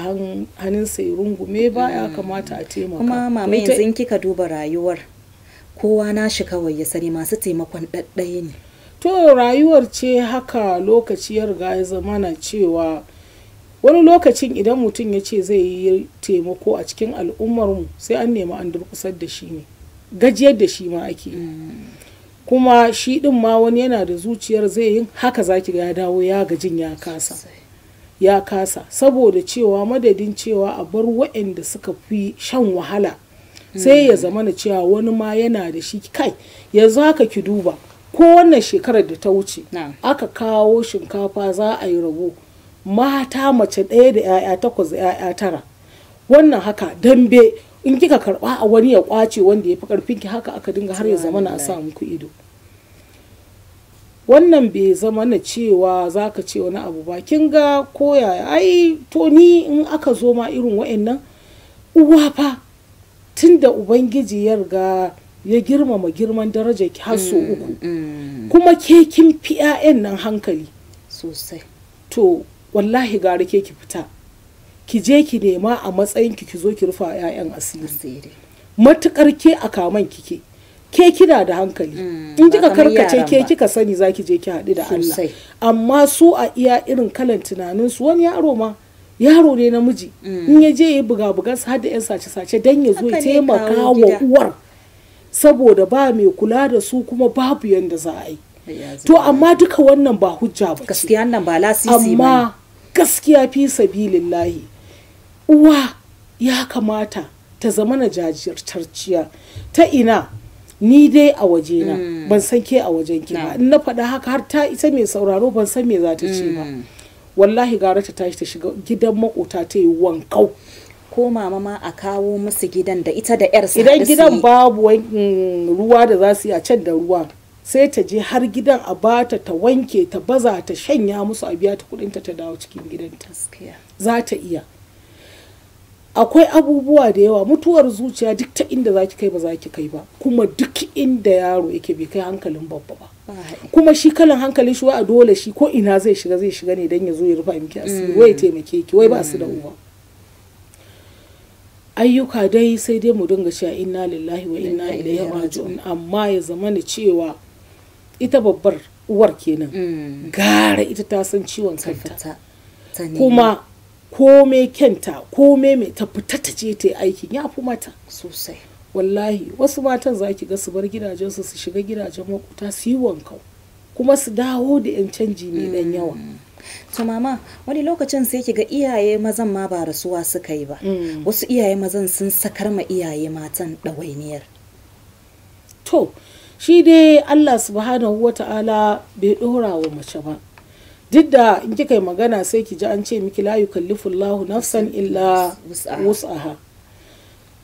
hannunsa ya rungume ba ya mm. kamata a taimaka kuma mama yanzu in kika duba rayuwar kowa na shi kawai ya sani masu taimakon ɗaɗɗaya ne to rayuwar ce haka lokaci ya riga ya zama na cewa wani lokacin idan mutum ya ce zai yi taimako a cikin al'ummarmu sai an nemi an durkusar da shi ne gajiyar da shi ma ake mm. kuma shi ɗin ma wani yana da zuciyar zai yi haka zaki ga ya dawo ya gajin ya kasa ya kasa saboda cewa madadin cewa a bar waɗanda suka fi shan wahala sai ya hmm. zama na cewa wani ma yana da shi kai yanzu haka ki duba ko wannan shekarar da ta wuce aka kawo shinkafa za a yi rabo mata mace ɗaya da 'ya'ya takwas da 'ya'ya tara wannan haka dambe in kika karba a wani ya kwace wanda ya fi karfinki haka aka dinga har ya zama na a samu ku ido wannan bai zama na cewa za ka ce wani abu ba kin ga koya ai to ni in aka zo ma irin wa'annan uwa fa tun da ubangiji ya riga ya girmama girman daraja ki har so mm, uku mm. kuma ke kin fi 'ya'yan nan hankali sosai to wallahi gara ke ki fita ki je ki nema a matsayin ki ki zo ki rufa 'ya'yan asiri matukar ke a kaman kike ke kina da hankali mm, in kika karkace ke kika sani zaki je ki haɗu da Allah amma su a iya irin kalan tunanin su wani yaro ma yaro ne namiji mm. in ya je ya buga buga har da yan sace sace dan ya zo ya taimaka wa uwar saboda ba mai kula da su kuma babu yanda za a yi to amma duka wannan ba hujja ba gaskiya nan ba lasisi amma gaskiya fi sabilillahi uwa ya kamata ta zama na jajirtarciya ta ina ni dai a waje na mm. ban san ke a wajen ki ba in na faɗa haka har ta ita mai sauraro ban san me za ta ce ba mm. wallahi gara ta tashi ta shiga gidan makota ta yi wankau ko mama ma a kawo musu gidan da ita da yar idan gidan babu mm, ruwa da za su yi a can da ruwa sai ta je har gidan a bata ta wanke ta baza ta shanya musu a biya ta kudinta ta dawo cikin ta za ta iya akwai abubuwa da yawa mutuwar zuciya duk ta inda zaki kai ba za ki kai ba kuma duk inda yaro yake bai kai hankalin babba ba kuma shi kalan hankalin shi a dole shi ko ina zai shiga zai shiga ne don ya zo ya rufa miki asiri mm. wai taimake ki wai ba su da mm. uwa ayyuka dai sai dai mu dinga cewa inna lillahi wa inna ilaihi raji'un amma ya zama ni cewa ita babbar uwar kenan mm. gara ita ta san ciwon kanta kuma kome kyanta kome mai ta fita ta je ta yi aikin ya fi mata sosai wallahi wasu matan za ki ga su bar gidajensu su shiga gidajen makuta su yi wanka kuma su dawo da yan canji ne dan mm. yawa to mama wani lokacin sai ki ga iyaye mazan ma ba rasuwa suka yi ba mm. wasu iyaye mazan sun sakar ma iyaye matan ɗawainiyar to shi dai allah subhanahu wata'ala bai ɗora wa mace ba duk da in kika yi magana sai ki ji an ce miki la yukallifullahu nafsan illa wus'aha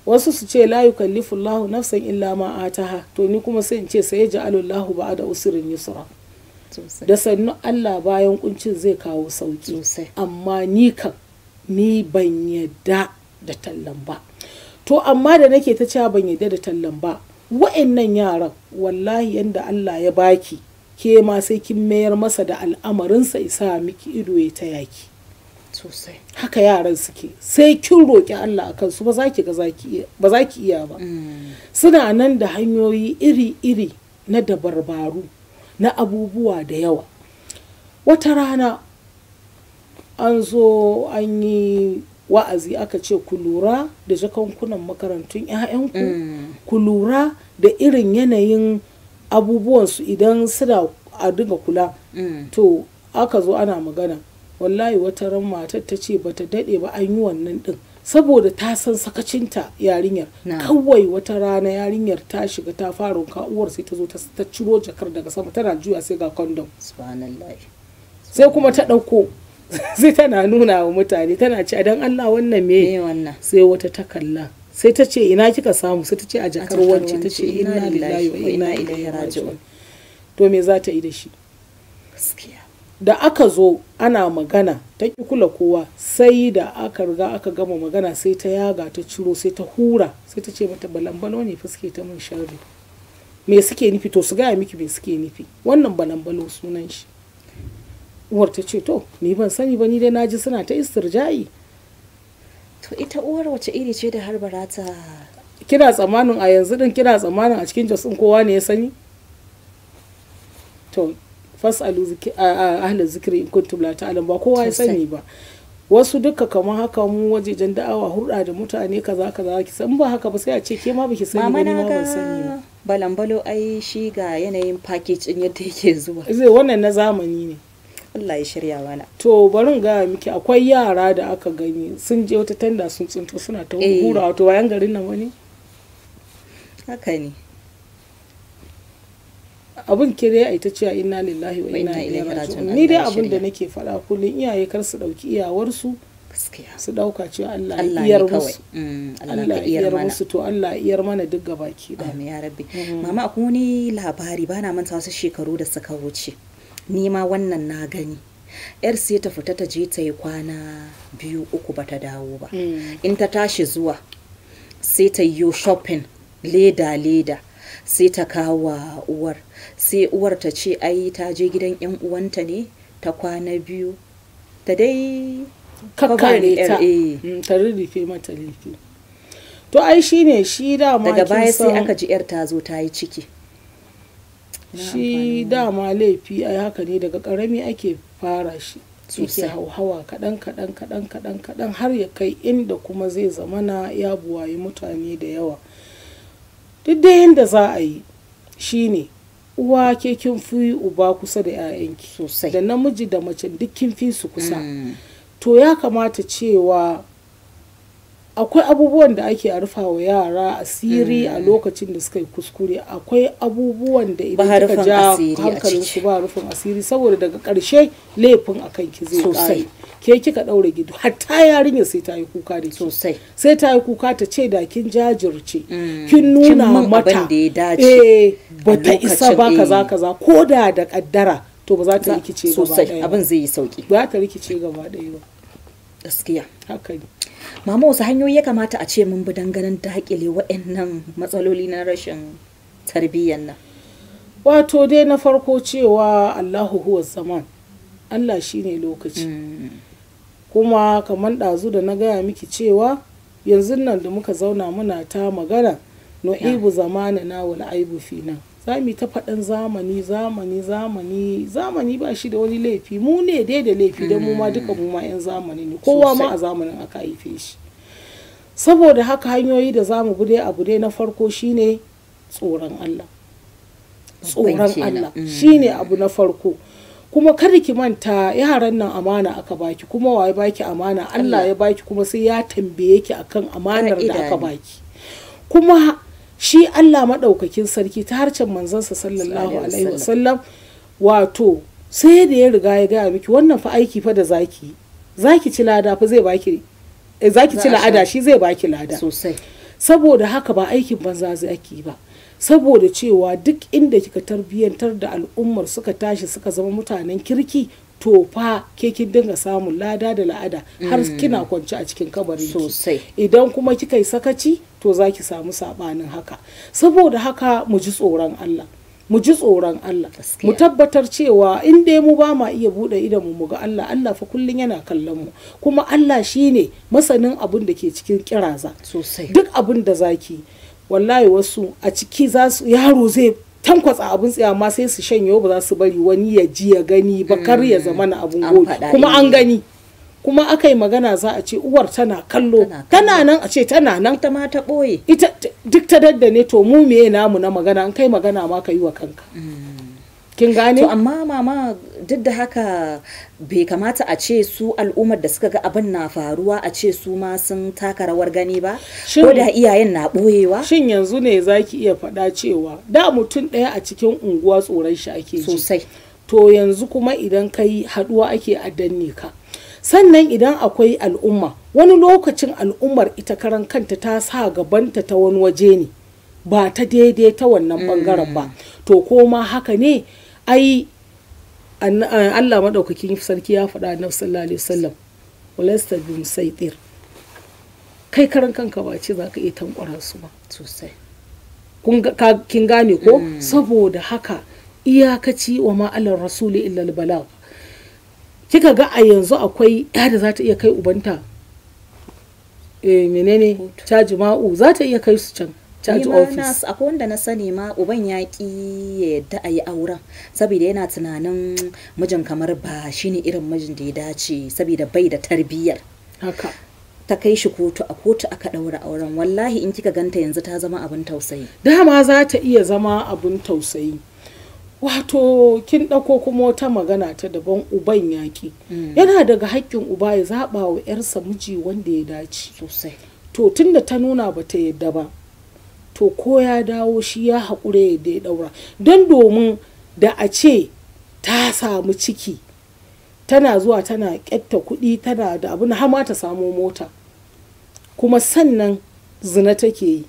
wasu su ce la yukallifullahu nafsan illa ma ataha to ni kuma sai in ce sai ja'alullahu ba'da usrin yusra da sannu Allah bayan kuncin zai kawo sauki amma ni kan ni ban yadda da tallan ba to amma da nake ta cewa ban yadda da tallan ba wa'annan yaran wallahi yanda Allah ya baki ke ma sai kin mayar masa da al'amarinsa isa miki ido ya ta yaki sosai haka yaran suke sai kin roƙi Allah a kansu ba za ki ga ba za ki iya ba mm. suna nan da hanyoyi iri-iri na dabarbaru na abubuwa da yawa wata rana an zo an yi wa'azi aka ce ku lura da jakankunan makarantun 'ya'yanku mm. ku lura da irin yanayin abubuwansu idan suna a dinga kula mm. to aka zo ana magana wallahi wata ran matar ta ce bata daɗe ba an yi wannan ɗin saboda ta san sakacinta yarinyar kawai wata rana yarinyar ta shiga ta fara ka uwar sai ta zo ta ciro jakar daga sama tana juya sai ga kondom sai kuma ta ɗauko sai tana nuna wa mutane tana ce dan Allah wannan me sai wata ta kalla sai ta ce ina kika samu sai ta ce a jakar wance ta ce ina lillahi wa inna ilaihi raji'un to me za ta yi da shi da aka zo ana magana ta ki kula kowa sai da aka riga aka gama magana sai ta yaga ta ciro sai ta hura sai ta ce mata balambalo ne fuske ta mun sharri me suke nufi to su gaya miki me suke nufi wannan balambalo sunan shi uwar ta ce to ni ban sani ba ni dai naji suna ta istirja'i to ita uwar wace iri ce da har barata kina tsammanin a yanzu din kina tsammanin a cikin jos kowa ne ya sani to fasalu ahli zikri in kuntum la ta'lam ba kowa ya sani ba wasu duka kamar haka mu wajejen da'awa hurɗa da mutane kaza kaza ki san ba haka ba sai a ce ke ma biki sani ba ma ban sani ba balambalo ai shi ga yanayin package din yadda yake zuwa zai wannan na zamani ne Allah ya shirya mana to barin ga miki akwai yara da aka gani sun je wata tanda sun tsinto suna ta eh. hura wato bayan garin nan wani haka ne abin kire a ita cewa inna lillahi wa inna ilaihi raji'un ni dai abin da nake faɗa kullum iyaye kar su ɗauki iyawarsu su ɗauka cewa Allah iyar musu mm, Allah iyar musu to Allah iyar mana duk gabaki da amin ya rabbi mm. mama akwai wani labari bana manta wasu shekaru da suka wuce ni ma wannan na gani yar sai ta fita ta je ta yi kwana biyu uku bata dawo ba mm. in ta tashi zuwa sai ta yi shopping leda leda sai ta kawa uwar sai uwar ta ce ai ta je gidan yan uwanta ne ta kwana biyu ta dai ne ta eh. mm, ta rufe mata laifi to ai shine shi dama daga baya sai aka ji yar ta zo ta yi ciki shi dama laifi ai haka ne daga karami ake fara shi yake hauhawa kaɗan kaɗan kaɗan kaɗan kaɗan har ya kai inda kuma zai zamana ya buwayi mutane da yawa duk da yadda za a yi shi ne uwa ke kin fi uba kusa da 'ya'yanki sosai da namiji da mace duk kin fi su kusa mm. to ya kamata cewa akwai abubuwan da ake rufa wa yara asiri a mm. lokacin da suka yi kuskure akwai abubuwan da idan kika ja hankalin su ba rufin asiri saboda daga karshe laifin a kan ki zai kare ke kika daure gido hatta yarinya sai ta yi kuka da sosai sai ta yi kuka ta ce da kin jajirce mm. kin nuna mata eh ta isa ba kaza eh. kaza ko da da kaddara to ba za ta rikice gaba ɗaya abin zai yi sauki ba ta rikice gaba ɗaya ba gaskiya mama wasu hanyoyi ya kamata a ce mun bi ganin ta haƙile waɗannan matsaloli na rashin tarbiyyar nan wato dai na farko cewa allahu huwa zaman allah shine lokaci mm. kuma kamar ɗazu da na gaya miki cewa yanzu nan da muka zauna muna ta magana no ibu zamani na wani aibu finan za ta faɗan zamani zamani zamani zamani ba shi da wani laifi mu ne dai da laifi don mu ma hmm. duka mu ma 'yan zamani ne kowa ma a zamanin aka haife shi saboda haka hanyoyi da zamu gude dai abu dai na farko shine tsoron Allah tsoron Allah hmm. shine abu na farko kuma kar ki manta yaran nan amana aka baki kuma waye baki amana Allah ya baki kuma sai ya tambaye ki akan amanar da aka baki kuma shi Allah maɗaukakin sarki ta harcen manzansa sallallahu alaihi wasallam wato sai da ya riga ya gaya miki wannan fa aiki fa da zaki zaki ci lada fa zai baki eh, zaki ci la'ada shi zai baki lada sosai saboda haka ba aikin banza ake ba saboda cewa duk inda kika tarbiyyantar da al'ummar suka tashi suka zama mutanen kirki to fa ke kin dinga samun lada da la'ada har mm. kina kwance a cikin kabarin sosai idan kuma kika yi sakaci to zaki samu sabanin haka saboda haka mu ji tsoron Allah mu ji tsoron Allah mu tabbatar cewa in dai mu ba ma iya bude idan mu ga Allah Allah fa kullun yana kallon mu kuma Allah shine masanin abin da ke cikin kiraza sosai duk abin da zaki wallahi wasu a ciki za yaro zai tankwatsa abun tsaye amma sai su shanyo ba za su bari wani ya ji ya gani ba kar ya mm, zama na abun gobe kuma an gani kuma aka magana za a ce uwar tana kallo tana nan a ce tana nan ta ma ta ɓoye ita duk ta daddane to mu meye namu na magana an kai magana ma ka yi wa kanka mm. kin gane to amma mama duk da haka bai kamata a ce su al'ummar da suka ga abin na faruwa a ce su ma sun taka rawar gani ba ko da iyayen na boyewa shin yanzu ne zaki iya faɗa cewa da mutum ɗaya a cikin unguwa tsoron shi ake ji sosai to yanzu kuma idan kai haduwa ake danne ka sannan idan akwai al'umma wani lokacin al'ummar ita karan kanta ta sa gabanta ta wani waje ne ba ta daidai ta wannan bangaren ba mm. to koma haka ne ai Allah maɗaukakin sarki ya faɗa na sallallahu alaihi wasallam walasta bin saitir kai karan kanka ba ce za ka iya tankwara su ba sosai kin gane ko mm. saboda haka iyakaci wa ma'alar rasuli illal balagh kika ga a yanzu akwai ya da za ta iya kai ubanta eh, menene ta jima'u za ta iya kai su can charge office akwai wanda na sani ma uban ya ki yadda a yi auren saboda yana tunanin mijin kamar ba shine irin mijin da ya dace saboda bai da tarbiyyar ta kai shi kotu a kotu aka ɗaura auren wallahi in kika ganta yanzu ta zama abin tausayi dama za ta iya zama abin tausayi wato kin ɗauko kuma wata magana ta daban uban yaƙi mm. yana daga haƙƙin uba ya zaɓa wa 'yarsa miji wanda ya dace sosai to tunda ta nuna ba ta yadda ba to ko ya dawo shi ya haƙura ya dai ɗaura don domin da a ce ta samu ciki tana zuwa tana ƙyatta kuɗi tana da abin hama ta samo mota kuma sannan zina take yi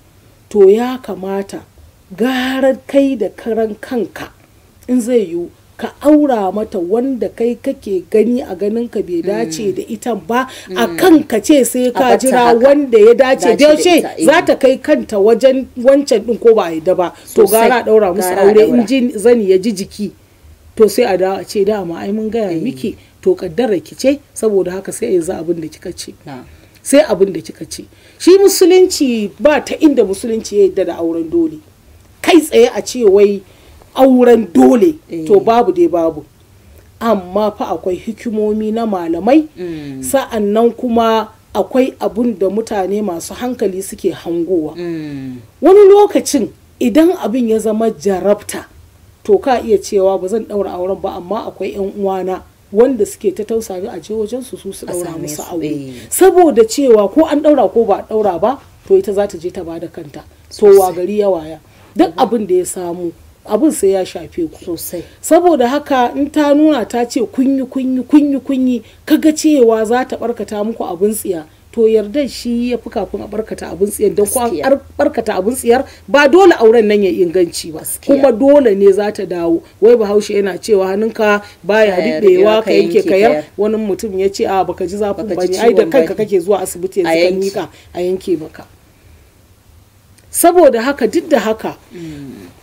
to ya kamata garar kai da karan kanka in zai yiwu ka aura mata wanda kai kake gani a ganin ka bai mm. dace da ita ba mm. a kan ka ce sai ka jira wanda ya dace da yaushe eh. za ta kai kanta wajen wancan din ko ba yi ba to gara daura musu aure in ji zani ya ji jiki to sai a da ce dama ai mun gaya eh. miki to kaddara ki ce saboda haka sai yanzu abin da kika ce sai abin da kika ce shi musulunci ba ta inda musulunci ya yadda da auren dole kai tsaye a ce wai auren dole eh. to babu dai babu amma fa akwai hikimomi na malamai mm. sa'an nan kuma akwai abun da mutane masu hankali suke hangowa mm. wani lokacin idan abin ya zama jarabta to ka iya cewa ba zan daura auren ba amma akwai 'yan uwana wanda suke ta tausayi a je wajen su su daura musu aure eh. saboda cewa ko an daura ko ba a ɗaura ba to ita za ta je ta bada kanta to wa gari ya waya duk mm-hmm. abin da ya samu abin sai ya shafe ku sosai saboda haka in ta nuna ta ce kunyi kunyi kunyi kunyi kaga cewa za ta barkata muku abin tsiya to yarda shi ya fi kafin a barkata abin tsiyar don kuwa barkata abin tsiyar ba dole auren nan ya inganci ba kuma dole ne za ta dawo wai bahaushe yana cewa hannunka baya riɓewa ka yanke kayar wani mutum ya ce a baka ji zafin ne ai da kanka kake zuwa asibiti yanzu kan mika a yanke maka saboda haka duk da haka mm.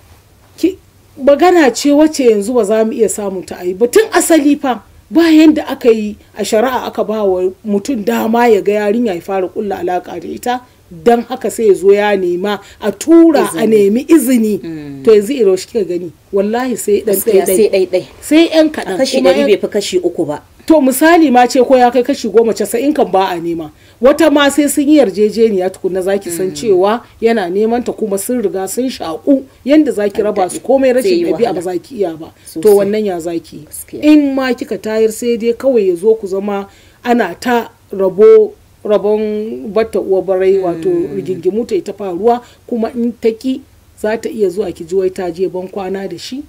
magana ce wacce yanzu ba za mu iya samu ta ayi ba tun asali fa bayan da aka yi a shari'a aka ba wa mutum dama ya ga yarinya ya fara kulla alaka da ita don haka sai ya zo ya nema a tura a nemi izini mm. to yanzu iro shi gani wallahi sai dan sai sai yan kaɗan kashi ɗari bai fi kashi uku ba to misali ma ce ko ya kai kashi goma casa'in kan ba a nema wata ma sai sun yi yarjejeniya tukuna zaki san mm. cewa yana neman ta kuma sun riga sun shaƙu yanda zaki raba su komai rashin ɗabi'a ba zaki iya ba to wannan ya zaki in ma kika tayar sai dai kawai ya zo ku zama ana ta rabo rabon batta uwa barai wato mm. rigingimu ta ita faruwa kuma in ta ki za ta iya zuwa ki ji wai ta je ban kwana da shi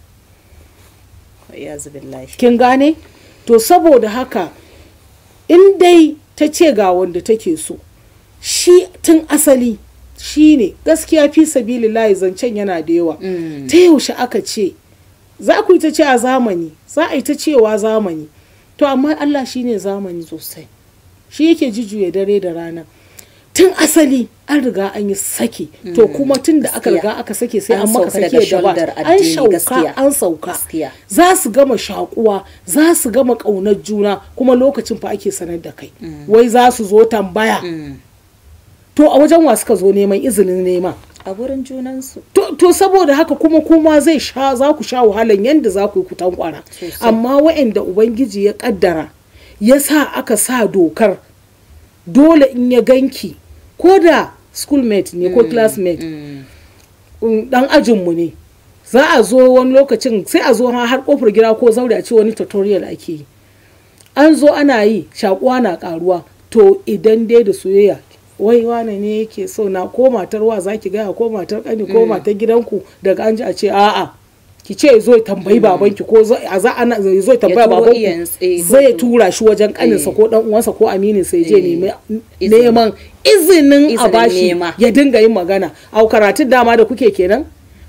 kin gane to saboda haka in dai ta ce ga wanda take so shi tun asali shi ne gaskiya fi sabili layi zancen yana da yawa mm. ta yaushe aka ce za ku yi ta ce a zamani za a yi ta cewa zamani to amma allah shi ne zamani sosai shi yake jujuya dare da rana tun asali an riga an yi sake to mm. kuma tun da aka riga aka sake sai an maka sake da ba an shauka an sauka za su gama shakuwa za su gama kaunar juna kuma lokacin fa ake sanar da kai mm. wai za su zo tambaya mm. to a wajen wa suka zo neman izinin nema a wurin junansu to, to saboda haka kuma kuma zai sha za ku sha wahalan yadda za ku yi kutan kwara amma wa'anda ubangiji ya kaddara ya sa aka sa dokar dole in ya ganki ko da schoolmate ne ko mm, classmate mm. Mm, dan ajinmu ne za a zo wani lokacin sai a zo har kofar gida ko zaure a ce wani tutorial ake yi an zo ana yi shakuwa na karuwa to idan dai da soyayya wai wane ne yake so na ko matar wa zaki gaya ko matar kani ko matar gidanku daga an ji a ce a'a ki ce zo ya tambayi babanki ko a za a zo ya tambaya babanki zai tura shi wajen kaninsa eh. ko dan uwansa ko aminin sai je eh. neman izinin a bashi ya dinga yin magana a karatun dama da kuke kenan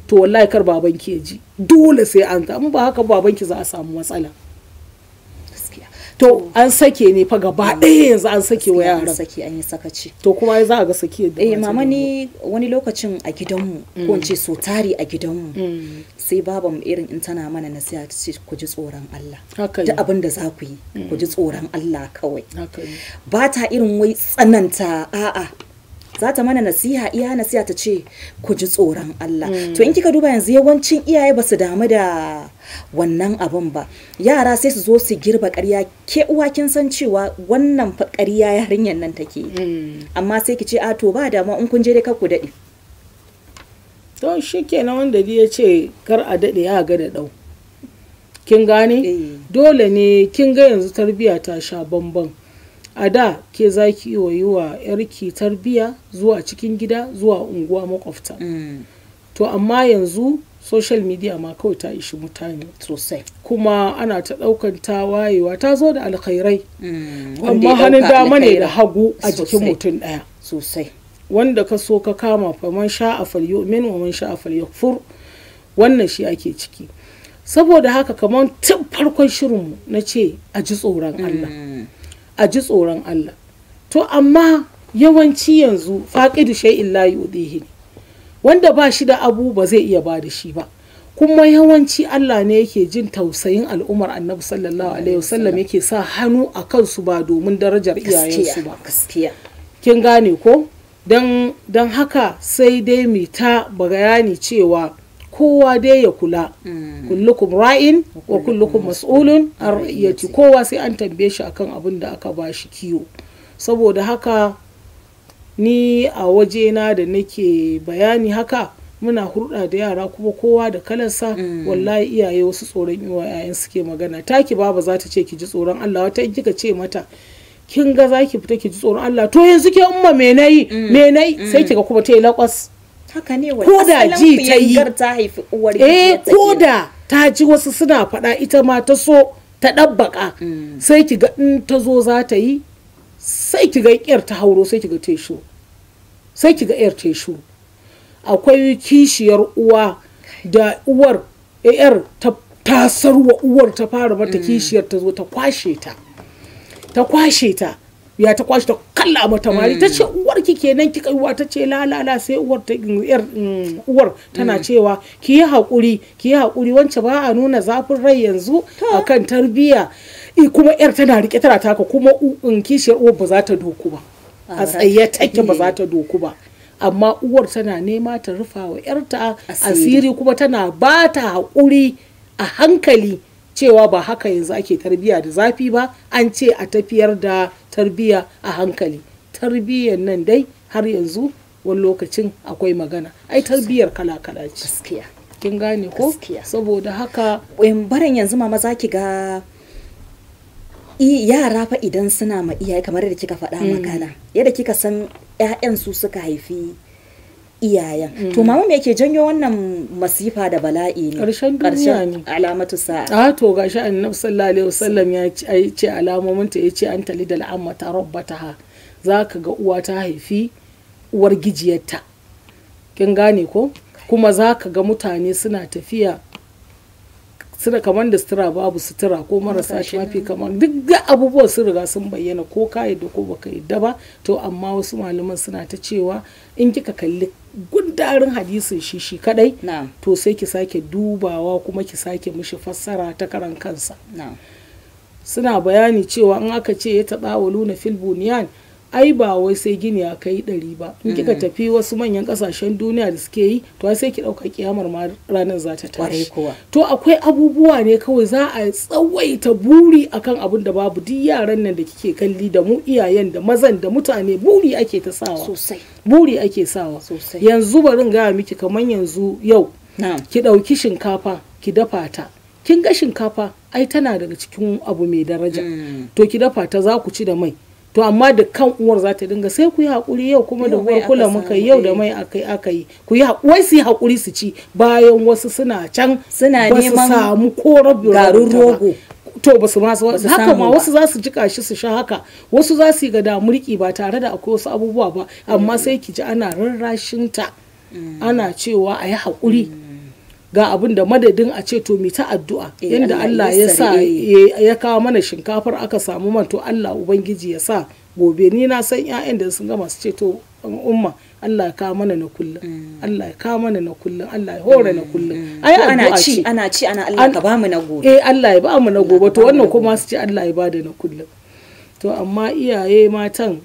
to wallahi kar babanki ya ji dole sai an ta ba haka babanki za a samu matsala to an sake ne fa gaba ɗaya yanzu an sake wa yaran sake an yi sakaci to kuma za a ga sake da eh mama ni wani lokacin a gidanmu ko in ce mm. sotari a gidanmu mm. sai babam irin in tana mana nasiha ta ce ku ji tsoron Allah duk abin da za ku yi mm. ku ji tsoron Allah kawai ba ta irin wai tsananta a'a za ta mana nasiha iya nasiha ta ce ku ji tsoron Allah mm. to in kika duba yanzu yawancin iyaye ba su damu da wannan abin ba yara sai su zo su girba ƙarya ke uwa kin san cewa wannan fa ƙarya yarinyar nan take mm. amma sai ki ce a to ba damuwa in kun je dai kar ku daɗe to shi kenan wanda ya ce kar a daɗe ya ga da ɗau kin gane eh. dole ne kin ga yanzu tarbiyya ta sha bamban a da ke za ki yi wa yarki tarbiyya zuwa cikin gida zuwa unguwa makwabta mm. to amma yanzu social media ma kawai ta ishi mutane sosai kuma ana ta ɗaukan ta wayewa ta zo da alkhairai mm. amma hannun dama ne da hagu a jikin mutum ɗaya sosai wanda ka so ka kama faman yau min wa man yau fur wannan shi ake ciki saboda haka kamar tun farkon shirinmu na ce a ji tsoron Allah mm. a ji tsoron Allah to amma yawanci yanzu faƙidu shai la yudihi wanda ba shi da abu ba zai iya ba da shi ba kuma yawanci Allah ne yake jin tausayin al'ummar annabi sallallahu alaihi wasallam yake sa hannu a kansu ba domin darajar iyayensu ba kin gane ko don haka sai dai mai ta bayani cewa kowa dai ya kula mm. kullukum ra'in wa kullukum mas'ulun an ci kowa sai an tambaye shi akan abin da aka ba shi kiwo saboda haka ni a wajena da nake bayani haka muna hulɗa da yara kuma kowa da kalarsa mm. wallahi iyaye wasu tsoron wa yayan suke magana taki baba za ta ce ki ji tsoron Allah wata in kika ce mata kin ga zaki fita ki ji tsoron Allah to yanzu ke umma me nayi mm. me nayi mm. sai kiga kuma ta yi lakwas haka ne wai ko ji ta yi ta haifi uwar eh ko da ta ji wasu suna faɗa ita ma ta so ta dabbaka mm. sai kiga in ta zo za ta yi sai kiga kiyar ta hauro sai kiga ta shu sai kiga ƴar ta shu akwai kishiyar uwa da uwar eh, ƴar ta tasarwa uwar ta fara mata kishiyar ta zo ta kwashe ta ta kwashe ta ya ta kwashe ta kalla mata mari ta ce mm. uwar ki kenan ki uwa ta ce lalala sai uwar ta mm, yar mm, uwar tana cewa ki yi hakuri ki yi hakuri wance ba a nuna zafin rai yanzu akan tarbiyya kuma yar tana rike tana taka kuma in kishiyar uwar ba za ta doku ba a tsaye take ba za ta doku ba amma uwar tana nema ta rufa wa yarta asiri kuma tana ba ta haƙuri a hankali cewa ba haka yanzu ake tarbiya da zafi ba an ce a tafiyar da tarbiya a hankali tarbiyyar nan dai har yanzu wani lokacin akwai magana ai tarbiyyar kala-kala ce gaskiya kin gane ko saboda haka barin yanzu ma maza ki ga yara fa idan suna ma iyaye kamar da kika faɗa mm. magana yadda kika san 'ya'yan su suka haifi iyayen mm. to mama me yake janyo wannan masifa da bala'i ne karshen duniya ne alamatu sa'a a ah, to gashi annabi sallallahu alaihi wasallam ya ce alamomin ta yace an tali da al'amma ta rabbataha zaka ga uwa ta haifi uwar gijiyarta kin gane ko kuma zaka ga mutane suna tafiya suna kamar da sutura babu sutura ko marasa shafi kamar duk ga abubuwan sun riga sun bayyana ko ka yadda ko baka yadda ba to amma wasu malaman suna ta cewa in kika kalli gundarin hadisin shi shi kadai to sai ki sake dubawa kuma ki sake mishi fassara ta karan kansa suna bayani cewa in aka ce ya taɓa wa luna fil buniyan ai ba wai sai gini ya kai ɗari ba in kika mm. tafi wasu manyan ƙasashen duniya da suke yi to ai sai ki ɗauka kiyamar ma ranar za ta tashi to akwai abubuwa ne kawai za a tsawaita buri akan abin da babu duk yaran nan da kike kalli da mu iyayen da mazan da mutane buri ake ta sawa sosai buri ake sawa sosai yanzu barin gaya miki kamar yanzu yau ki ɗauki shinkafa ki dafa ta kin ga shinkafa ai tana daga cikin abu mai daraja mm. to ki dafa ta za ku ci da mai to amma da kan uwar za ta dinga sai ku yi haƙuri yau kuma da uwar kula muka yau da mai akai aka yi ku yi wai su yi haƙuri su ci bayan wasu suna can suna ba su samu korabin garin rogo to ba su masu haka ma wasu za su ji kashi su sha haka wasu za su yi ga damurki ba tare da akwai wasu abubuwa ba amma mm. sai ki ji ana rarrashinta mm. ana cewa a yi haƙuri mm. ga abin da madadin a ce to mita ta addu'a eh, yadda Allah ya sa ya kawo mana shinkafar aka samu man to Allah ubangiji ya sa gobe ni na san ƴaƴan da sun gama su ce to umma Allah ya kawo mana na kullum mm. Allah ya kawo mana na kullum Allah ya hore na mm, kullum mm. ai ana ci ana ci ana Allah ka ba mu na gobe eh Allah ya ba mu na gobe to wannan kuma su ce Allah ya bada na kullum to amma iyaye matan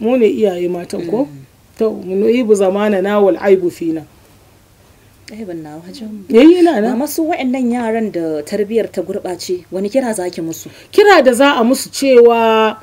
mu ne iyaye matan ko to mu yi bu zamana na wal aibu fina eh banna wajen yayi na na amma su waɗannan yaran da tarbiyyar ta gurɓace wani kira ki musu kira da za a musu cewa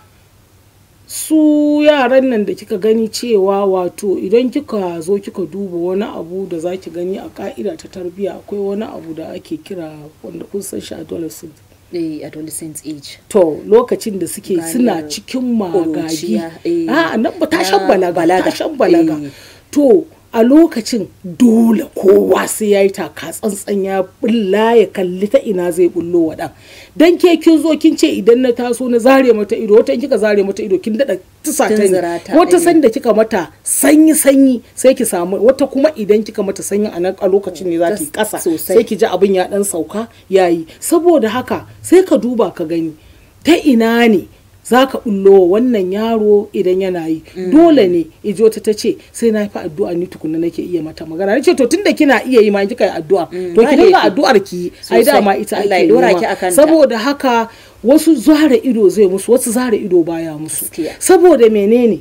su yaran nan da kika gani cewa wato idan kika zo kika duba wani abu da za ki gani a ka'ida ta tarbiyya akwai wani abu da ake kira wanda kun san shi adolescent eh, adolescent age to lokacin da suke suna cikin magagi a eh. nan ba balaga balaga eh. to a lokacin dole kowa sai ya yi taka tsantsan ya bulla ya kalli ta ina zai bullo wa dan dan ke kin zo kin ce idan na taso na zare mata ido wata kika zare mata ido kin daɗa tusa ta ne wata eh. sanda kika mata sanyi sanyi sai ki samu wata kuma idan kika mata sanyi a nan a lokacin ne za ki kasa sai ki ji abin ya ɗan sauka yayi saboda haka sai ka duba ka gani ta ina ne za ka ullo wannan yaro idan yana yi mm. dole ne ijo ta ta ce sai na fi addu'a ni tukunna nake iya mata magana ce to tunda kina iya yi ma kika yi addu'a mm. to ki dinga addu'ar ki ai ma ita ake yi saboda haka wasu zare ido zai musu wasu zare ido baya musu saboda menene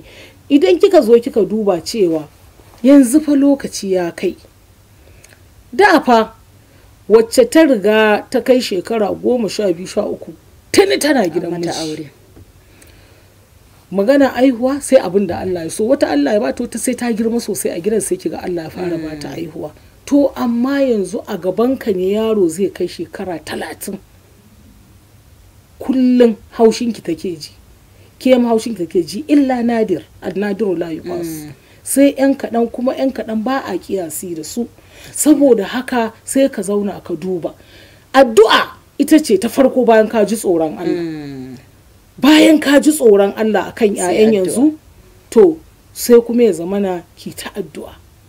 idan kika zo kika duba cewa yanzu fa lokaci ya kai da fa wacce ta riga ta kai shekara goma sha biyu sha uku tani tana gidan miji magana aihuwa sai abin da Allah ya so wata Allah ya bata wata sai ta girma sosai a gidan sai kiga Allah ya fara bata mm. aihuwa to amma yanzu a gaban ka ne yaro zai kai shekara talatin kullum haushinki take ji ke ma ki take ji illa nadir adnadiru la yuqas mm. sai yan kaɗan kuma yan kaɗan ba a kiyasi da su saboda haka sai ka zauna ka duba addu'a ita ce ta farko bayan ka ji tsoron Allah mm. bayan ka ji tsoron Allah akan 'ya'yan yanzu to sai kuma ya zamana ki ta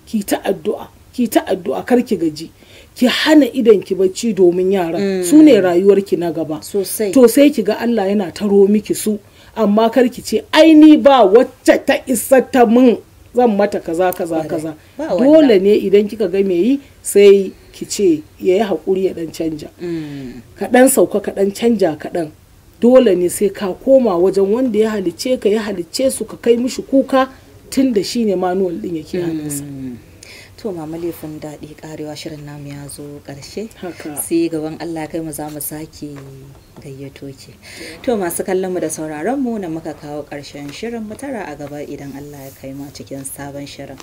ki ta addu'a ki ta addu'a kar ki gaji ki hana idan ki bacci domin yara mm. su ne rayuwarki na gaba to sai ki ga Allah yana taro miki su amma kar ki ce aini ba wacce ta isa ta min zan mata kaza kaza kaza dole ne idan kika ga me yi sai ki ce ya yi haƙuri ya ɗan canja mm. kaɗan sauka kaɗan canja kaɗan dole ne sai ka koma wajen wanda ya halicce ka ya halicce su ka kai mishi kuka tun da shi ne manuwal din yake hmm. hannunsa to mama laifin daɗi karewa shirin namu ya zo ƙarshe sai gaban allah kai mu za mu sake gayyato ki to masu kallon mu da sauraron mu na muka kawo ƙarshen shirin mu a gaba idan allah ya kai ma cikin sabon shirin